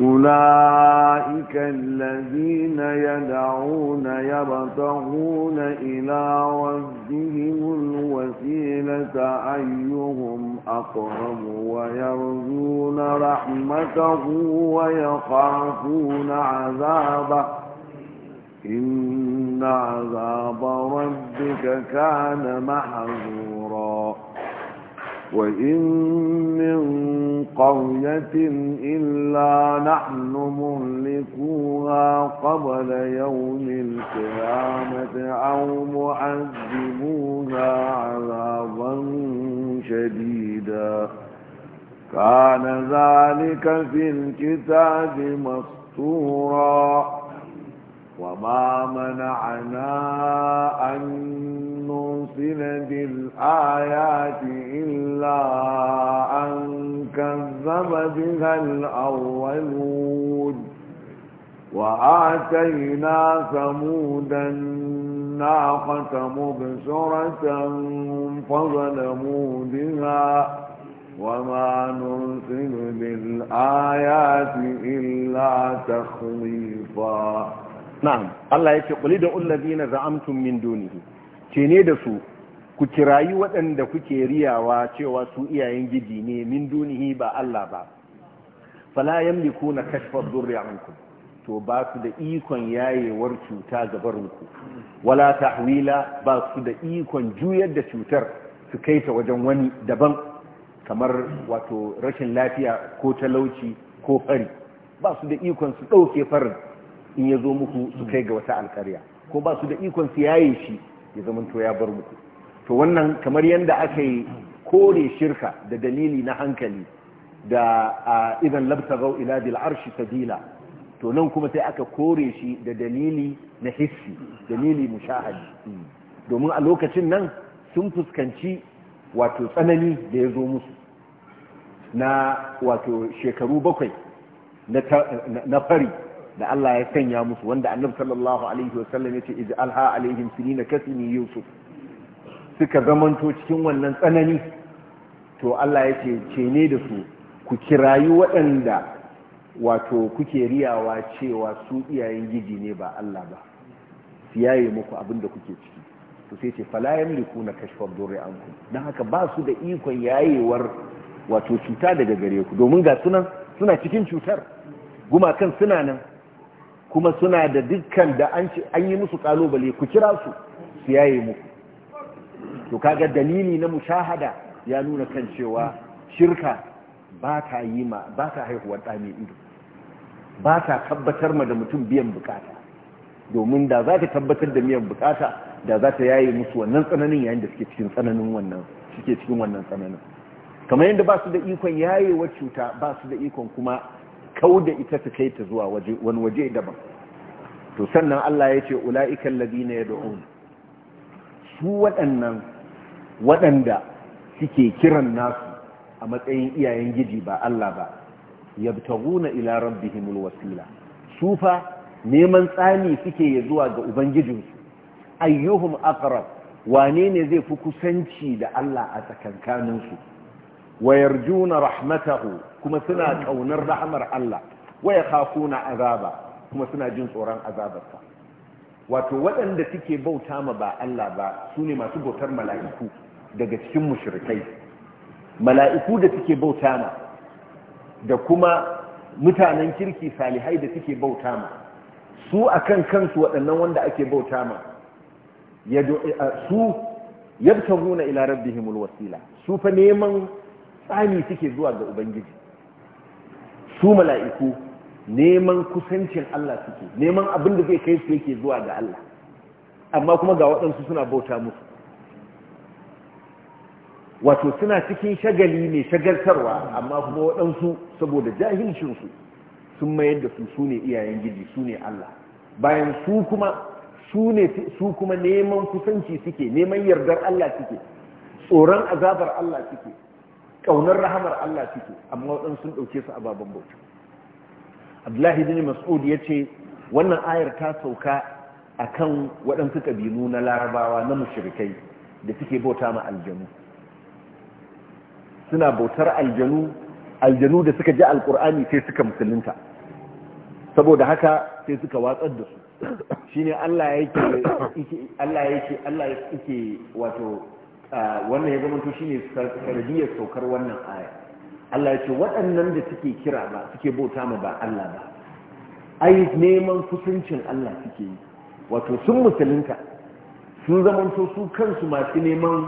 أولئك الذين يدعون يبتغون إلى ربهم الوسيلة أيهم أقرب ويرجون رحمته ويخافون عذابه إن عذاب ربك كان محظورا وإن من قرية إلا نحن مهلكوها قبل يوم القيامة أو معذبوها عذابا شديدا كان ذلك في الكتاب مسطورا وما منعنا أن نرسل بالآيات إلا أن كذب بها الأولون وآتينا ثمود الناقة مبشرة فظلموا بها وما نرسل بالآيات إلا تخويفا na'am Allah yake kuli da allazina za'amtum min dunihi ce ne da su ku kirayi waɗanda kuke riyawa cewa su iyayen gidi ne min dunihi ba Allah ba fala yamlikuna kashfa dhurri ankum to ba su da ikon yayewar cuta ga barinku wala tahwila ba su da ikon juyar da cutar su kai ta wajen wani daban kamar wato rashin lafiya ko talauci ko fari ba su da ikon su ɗauke farin in ya zo muku su kai ga wata alƙarya ko ba su da ikon su yaye shi ya zamanto ya bar muku to wannan kamar yadda aka yi kore shirka da dalili na hankali da idan labtagau ila bil arshi sabila to nan kuma sai aka kore shi da dalili na hissi dalili mushahadi domin a lokacin nan sun fuskanci wato tsanani da ya zo musu na wato shekaru bakwai na fari da Allah ya sanya musu wanda annabi sallallahu alaihi wasallam yace ij'alha alaihim sinina kasini yusuf suka zamanto cikin wannan tsanani to Allah yace ce ne da su ku kirayi waɗanda wato kuke riyawa cewa su iyayen giji ne ba Allah ba su yaye muku abin da kuke ciki to sai ce fala yamliku na kashfar dore an ku haka ba su da ikon yayewar wato cuta daga gare ku domin ga sunan suna cikin cutar gumakan suna nan kuma suna da dukkan da an yi musu kalubale ku kira su su yaye muku to kaga dalili na mushahada ya nuna kan cewa shirka ba ta yi ma ba ta haihuwar ɗa mai ido ba ta tabbatar ma da mutum biyan bukata domin da za ta tabbatar da biyan bukata da za ta yaye musu wannan tsananin yayin da suke cikin tsananin wannan suke cikin wannan tsananin kamar yadda ba su da ikon yayewar cuta ba su da ikon kuma kau da ita ta kai ta zuwa wani waje daban to sannan Allah ya ce ula'ikan ladina ya da'un su waɗannan waɗanda suke kiran nasu a matsayin iyayen giji ba Allah ba yabtaguna ila rabbihimul wasila su fa neman tsani suke ya zuwa ga ubangijinsu Ayyuhun aqrab wane ne zai fi kusanci da Allah a tsakankaninsu wa yarjuna rahmatahu kuma suna kaunar rahamar Allah waya khafuna azaba kuma suna jin tsoron azabarsa wato waɗanda suke bauta ma ba Allah ba su ne masu bautar mala'iku daga cikin mushrikai mala'iku da suke bauta ma da kuma mutanen kirki salihai da suke bauta ma su akan kansu waɗannan wanda ake bauta ma eh, eh, su yabtaguna ila rabbihimul wasila su fa neman tsami suke zuwa ga ubangiji su mala'iku neman kusancin Allah suke neman abin da zai kai su yake zuwa ga Allah amma kuma ga waɗansu suna bauta musu wato suna cikin shagali ne shagaltarwa amma kuma waɗansu saboda jahilcinsu sun mayar da su su ne iyayen gidi su ne Allah bayan su kuma su kuma neman kusanci suke neman yardar Allah suke tsoron azabar Allah suke ƙaunar rahamar Allah suke amma waɗansu sun ɗauke su baban bauta abdullahi bin mas'ud ya ce wannan ayar ta sauka a kan waɗansu ƙabilu na larabawa na mushrikai da suke bauta ma aljanu suna bautar aljanu aljanu da suka ji alƙur'ani sai suka musulunta saboda haka sai suka watsar da su shine Allah yake Allah yake Allah yake wato wannan ya zama shi ne sarariyar saukar wannan aya Allah ya ce waɗannan da suke kira ba suke bauta ma ba Allah ba ai neman kusuncin Allah suke yi wato sun musulunta sun zamanto su kansu masu neman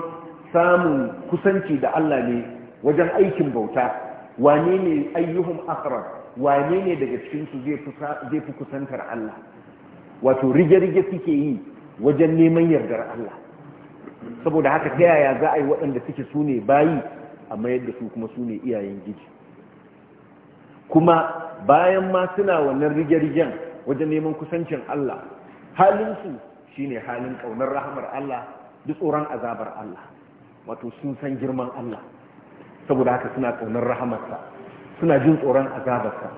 samun kusanci da Allah ne wajen aikin bauta wane ne ayyuhum akhrar wane ne daga cikinsu su zai fi kusantar Allah wato rige-rige suke yi wajen neman yardar Allah saboda haka ta yaya za a yi waɗanda suke su ne bayi a mayar da su kuma su ne iyayen giji kuma bayan ma suna wannan rige-rigen wajen neman kusancin Allah halinsu shi ne halin ƙaunar rahamar Allah da tsoron azabar Allah wato sun san girman Allah saboda haka suna ƙaunar rahamarsa suna jin tsoron azabarsa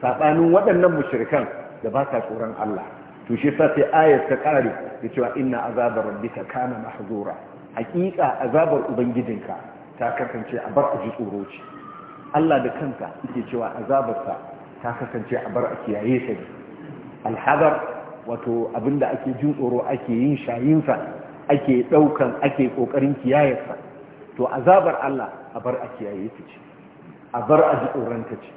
saɓanin waɗannan mushirikan da ba sa tsoron Allah to shi sai ayar ta kare da cewa inna azabar rabbika kana mahzura hakika azabar ubangijinka ta kasance a bar ji tsoro ce Allah da kanka yake cewa azabarsa ta kasance a bar a kiyaye ta alhadar wato abinda ake jin tsoro ake yin shayinsa ake daukan ake kokarin sa, to azabar Allah a bar a kiyaye ta ce a bar a ji tsoron ta ce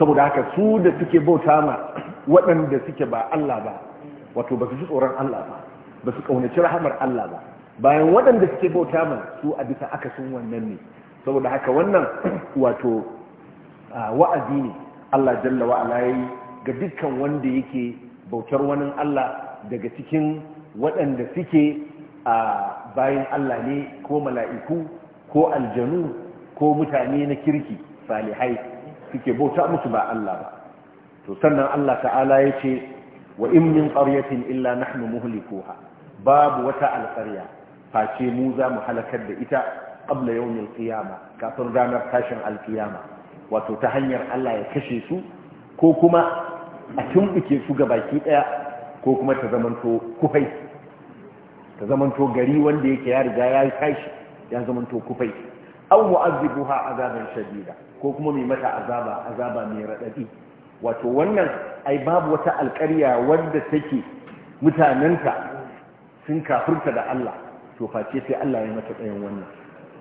saboda haka su da suke bauta ma waɗanda suke ba Allah ba wato ba su ji tsoron Allah ba ba su ƙaunaci rahamar Allah ba bayan waɗanda suke bauta ma su a bisa akasin wannan ne saboda haka wannan wato wa'azi ne Allah jalla wa'ala ga dukkan wanda yake bautar wani Allah daga cikin waɗanda suke a bayan Allah ne ko mala'iku ko aljanu ko mutane na kirki salihai suke bauta musu ba Allah ba to sannan Allah ta'ala ya ce wa in min qaryatin illa nahnu muhlikuha babu wata alqarya face mu za mu halakar da ita qabla yawmil qiyama kafin ranar tashin alqiyama wato ta hanyar Allah ya kashe su ko kuma a tumbuke su ga baki daya ko kuma ta zamanto kufai ta zamanto gari wanda yake ya riga ya tashi ya zamanto kufai aw ha azaban shadida ko kuma mai mata azaba azaba mai radadi wato wannan ai babu wata alƙarya wanda take mutanenta sun kafirta da Allah to face sai Allah ya mata ɗayan wannan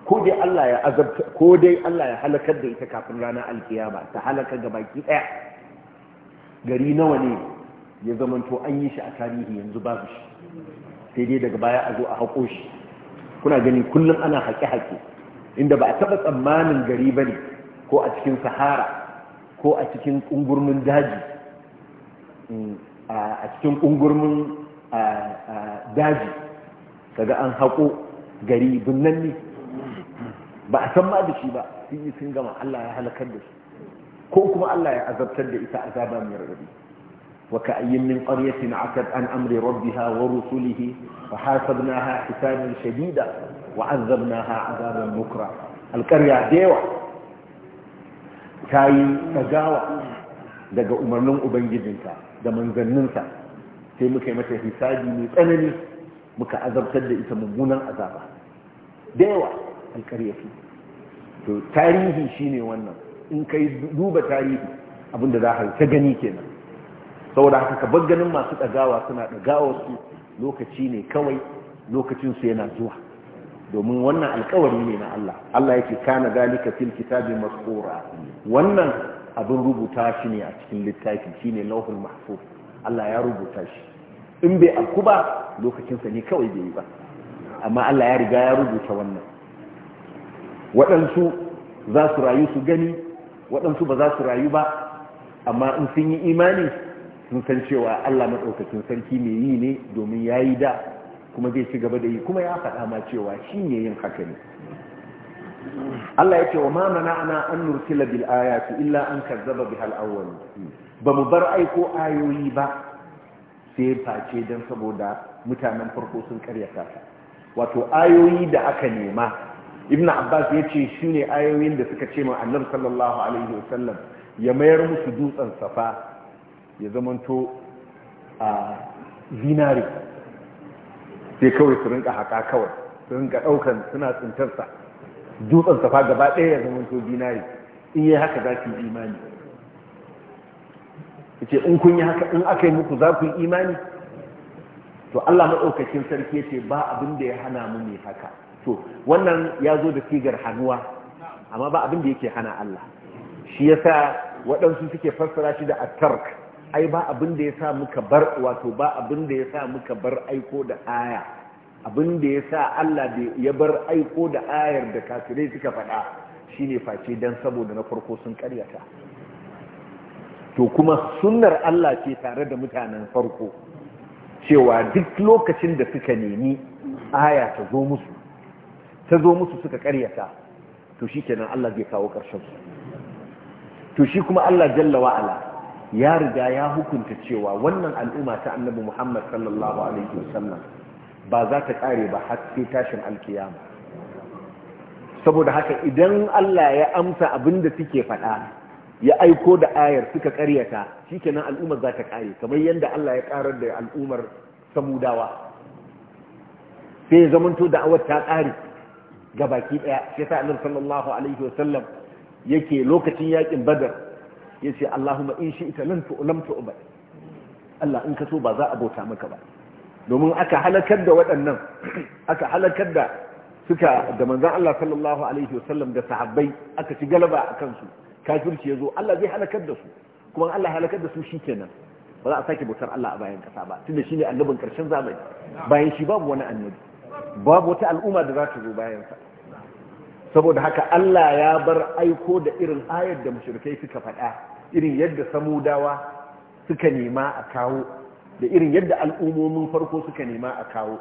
ko dai Allah ya azabta ko dai Allah ya halakar da ita kafin ranar alkiyama ta halaka ga baki ɗaya gari nawa ne ya zamanto an yi shi a tarihi yanzu babu shi sai dai daga baya a zo a hako shi kuna gani kullum ana haƙe-haƙe inda ba a taɓa tsammanin gari ba ne ko a cikin sahara ko a cikin ƙungurmin daji mm, a cikin ƙungurmin daji kaga an haƙo gari binnan ne ba a san ma da shi ba sun yi sun gama Allah ya halakar da su ko kuma Allah ya azabtar da ita azaba mai rabi Waka ka'ayyin min qaryatin akat an amri rabbiha wa rusulihi fa hasabnaha hisaban shadida wa azzabnaha azaban nukra alƙarya da yawa ta yi tagawa daga umarnin ubangijinta da manzanninsa sai muka yi mata hisabi mai tsanani muka azabtar da ita mummunan azaba da yawa alƙarya to tarihi shine wannan in kai duba tarihi abinda za ka ta gani kenan saboda haka ka bar ganin masu ɗagawa suna ɗagawa su lokaci ne kawai lokacinsu yana zuwa domin wannan alkawari ne na Allah Allah yake kana zalika fil kitabi masqura wannan abin rubuta shi ne a cikin littafi shine lauhul mahfuz Allah ya rubuta shi in bai afku ba lokacin sa ne kawai bai yi ba amma Allah ya riga ya rubuta wannan waɗansu za su rayu su gani waɗansu ba za su rayu ba amma in sun yi imani sun san cewa Allah maɗaukakin sarki mai yi ne domin ya yi da kuma zai ci gaba da yi kuma ya faɗa ma cewa shi ne yin haka ne Allah ya ce wa mamana ana an nursila bil ayati illa an kazzaba bihal awwal ba mu bar aiko ayoyi ba sai face dan saboda mutanen farko sun karyata ta wato ayoyi da aka nema ibnu abbas ya ce ne ayoyin da suka ce ma annabi sallallahu alaihi wasallam ya mayar musu dutsen safa ya zamanto a zinari sai kawai su rinka haƙa kawai su rinka ɗaukan suna tsintarsa dutsen safa gaba ɗaya ya zama to yi. in yi haka za ku yi imani ce in kun yi haka in aka yi muku za ku yi imani to Allah maɗaukakin sarki ya ce ba abin da ya hana mu ne haka to wannan ya zo da sigar hannuwa amma ba abin da yake hana Allah shi yasa waɗansu suke fassara shi da atark ai ba abin da ya sa muka bar wato ba abin da ya sa muka bar aiko da aya abin da ya sa Allah ya bar aiko da ayar da kafirai suka faɗa shine face dan saboda na farko sun karyata to kuma sunnar Allah ce tare da mutanen farko cewa duk lokacin da suka nemi aya ta zo musu ta zo musu suka karyata to shikenan Allah zai kawo ƙarshen su to shi kuma Allah jalla wa'ala ya riga ya hukunta cewa wannan al'umma ta annabi Muhammad sallallahu alaihi wasallam ba za ta kare ba har sai tashin alkiyama saboda haka idan Allah ya amsa abin da suke faɗa ya aiko da ayar suka ƙaryata shikenan al'umma za ta kare kamar yadda Allah ya karar da al'ummar samudawa sai ya zamanto awar ta kare ga baki ɗaya sai sa annabi sallallahu alaihi wasallam yake lokacin yaƙin badar ya ce Allahumma in shi ita lam Allah in ka so ba za a bauta maka ba domin aka halakar da waɗannan aka halakar da suka da manzon Allah sallallahu alaihi wasallam da sahabbai aka ci galaba a kansu kafirci yazo Allah zai halakar da su kuma Allah halakar da su shikenan ba za a sake bautar Allah a bayan kasa ba tunda shine annabin karshen zamani bayan shi babu wani annabi babu wata al'umma da za ta zo bayan sa saboda haka Allah ya bar aiko da irin ayar da mushrikai suka faɗa irin yadda samudawa suka nema a kawo da irin yadda al'ummomin farko suka nema a kawo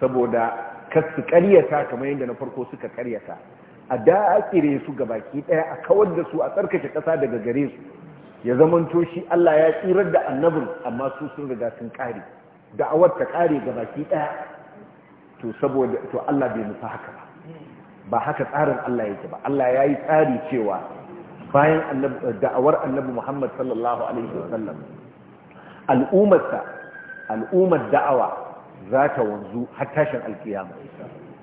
saboda kasu karyata kamar yadda na farko suka karyata a da su ga baki daya a kawar da su a tsarkake kasa daga gare su ya zamanto shi Allah ya tsirar da annabin amma su sun riga sun kare da'awar ta kare ga baki daya to saboda to Allah bai nufa haka ba ba haka tsarin Allah yake ba Allah ya yi tsari cewa bayan eh, da'awar annabi Muhammad sallallahu alaihi wasallam ta al'ummar da'awa za ta wanzu har tashin alkiyama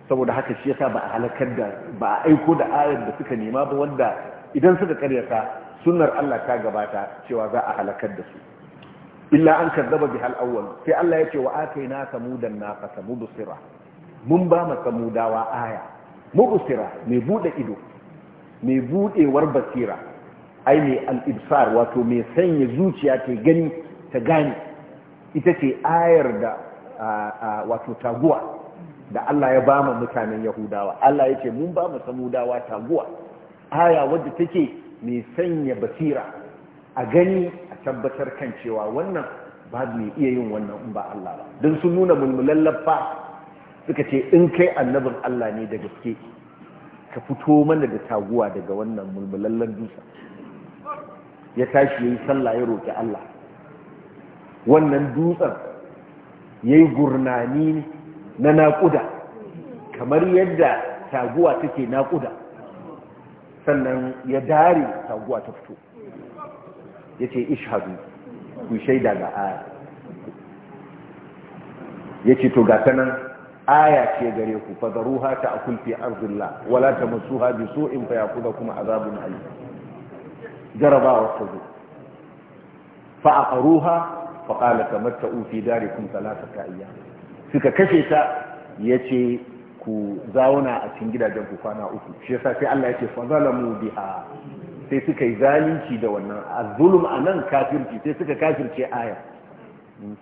saboda haka shi yasa ba a halakar da ba a aiko da ayar da suka nema ba wanda idan suka karyata sunnar Allah ta gabata cewa za a halakar da su illa an kazzaba bi hal awwal sai Allah ya ce wa ataina samudan naqa samudusira mun ba ma samudawa aya mubsira mai bude ido mai budewar basira ai mai al-ibsar wato mai sanya zuciya ta gani ta gane ita ce ayar da wato taguwa da Allah ya ba mutanen Yahudawa Allah ya ce mun ba mu samudawa taguwa aya wadda take mai sanya basira a gani a tabbatar kan cewa wannan ba mai iya yin wannan in ba Allah ba don sun nuna mulmulallafa lallafa suka ce in kai annabin Allah ne da gaske ka fito mana da taguwa daga wannan mulmulallen dusa ya tashi ya yi sallah ya roƙi Allah wannan dutsen ya yi gurnani na naƙuda kamar yadda taguwa take naƙuda sannan ya dare taguwa ta fito ya ce ishadu ku shaida ga aya ya ce to ga nan aya ce gare ku fa daruha ta akul fi ardillah wala tamassuha bi su'in fa yakudakum azabun alim jarabawa ta zo fa aqruha fa qala tamattu fi darikum thalathata ayyam suka kashe ta yace ku zauna a cikin gidajen ku kwana uku shi yasa sai Allah yake fa zalamu biha sai suka yi zalunci da wannan az-zulm anan kafirci sai suka kafirce aya hmm.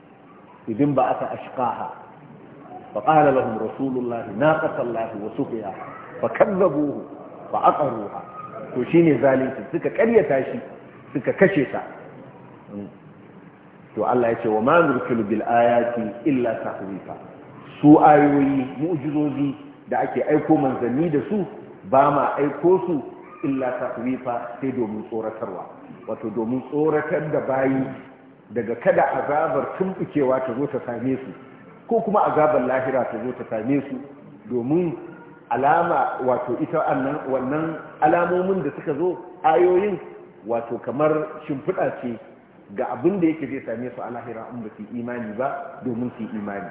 idan ba aka ashqaha فقال لهم رسول الله ناقة الله وسقياها فكذبوه فأقروها وشيني ذلك سكا كرية تاشي kashe ta. to Allah ya ce wa ma nurkilu bil illa tahwifa su ayoyi mu'jizozi da ake aiko manzanni da su ba ma aiko su illa tahwifa sai domin tsoratarwa wato domin tsoratar da bayi daga kada azabar tumbukewa ta zo ta same su ko kuma azabar lahira ta zo ta same su domin alama wato ita wannan alamomin da suka zo ayoyin wato kamar shimfiɗa ce ga abin da yake zai same su a lahira in ba su imani ba domin su imani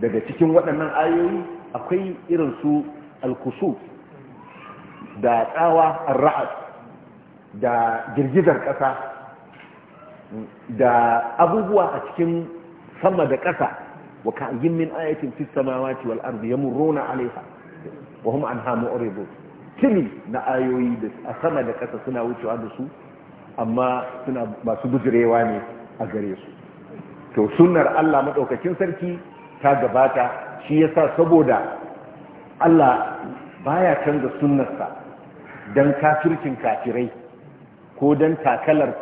daga cikin waɗannan ayoyi akwai irin su alkusu da tsawa ra'ad da girgizar ƙasa da abubuwa a cikin sama da ƙasa wa ka'ayyin min ayatin fis samawati wal ardi yamurruna 'alayha wa hum anha mu'ridun tili na ayoyi da a sama da ƙasa suna wucewa da su amma suna masu bujirewa ne a gare su to sunnar Allah madaukakin sarki ta gabata shi yasa saboda Allah baya canza sunnarsa don kafircin kafirai ko don takalar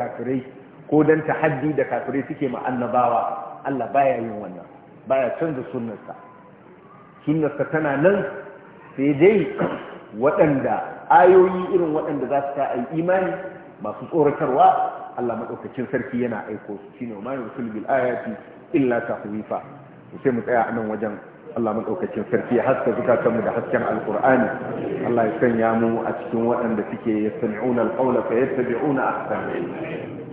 kafirai ko don tahaddi da kafirai suke ma'annabawa Allah baya yin wannan baya canza sunnarsa sunnarsa tana nan sai dai waɗanda ayoyi irin waɗanda za su ta yi imani masu tsoratarwa Allah maɗaukacin sarki yana aiko su shine ma yusul bil ayati illa tahwifa sai mu tsaya a nan wajen Allah maɗaukacin sarki ya haska zukatanmu da hasken alkur'ani Allah ya sanya mu a cikin waɗanda suke yastami'una alqawla fa yattabi'una ahsana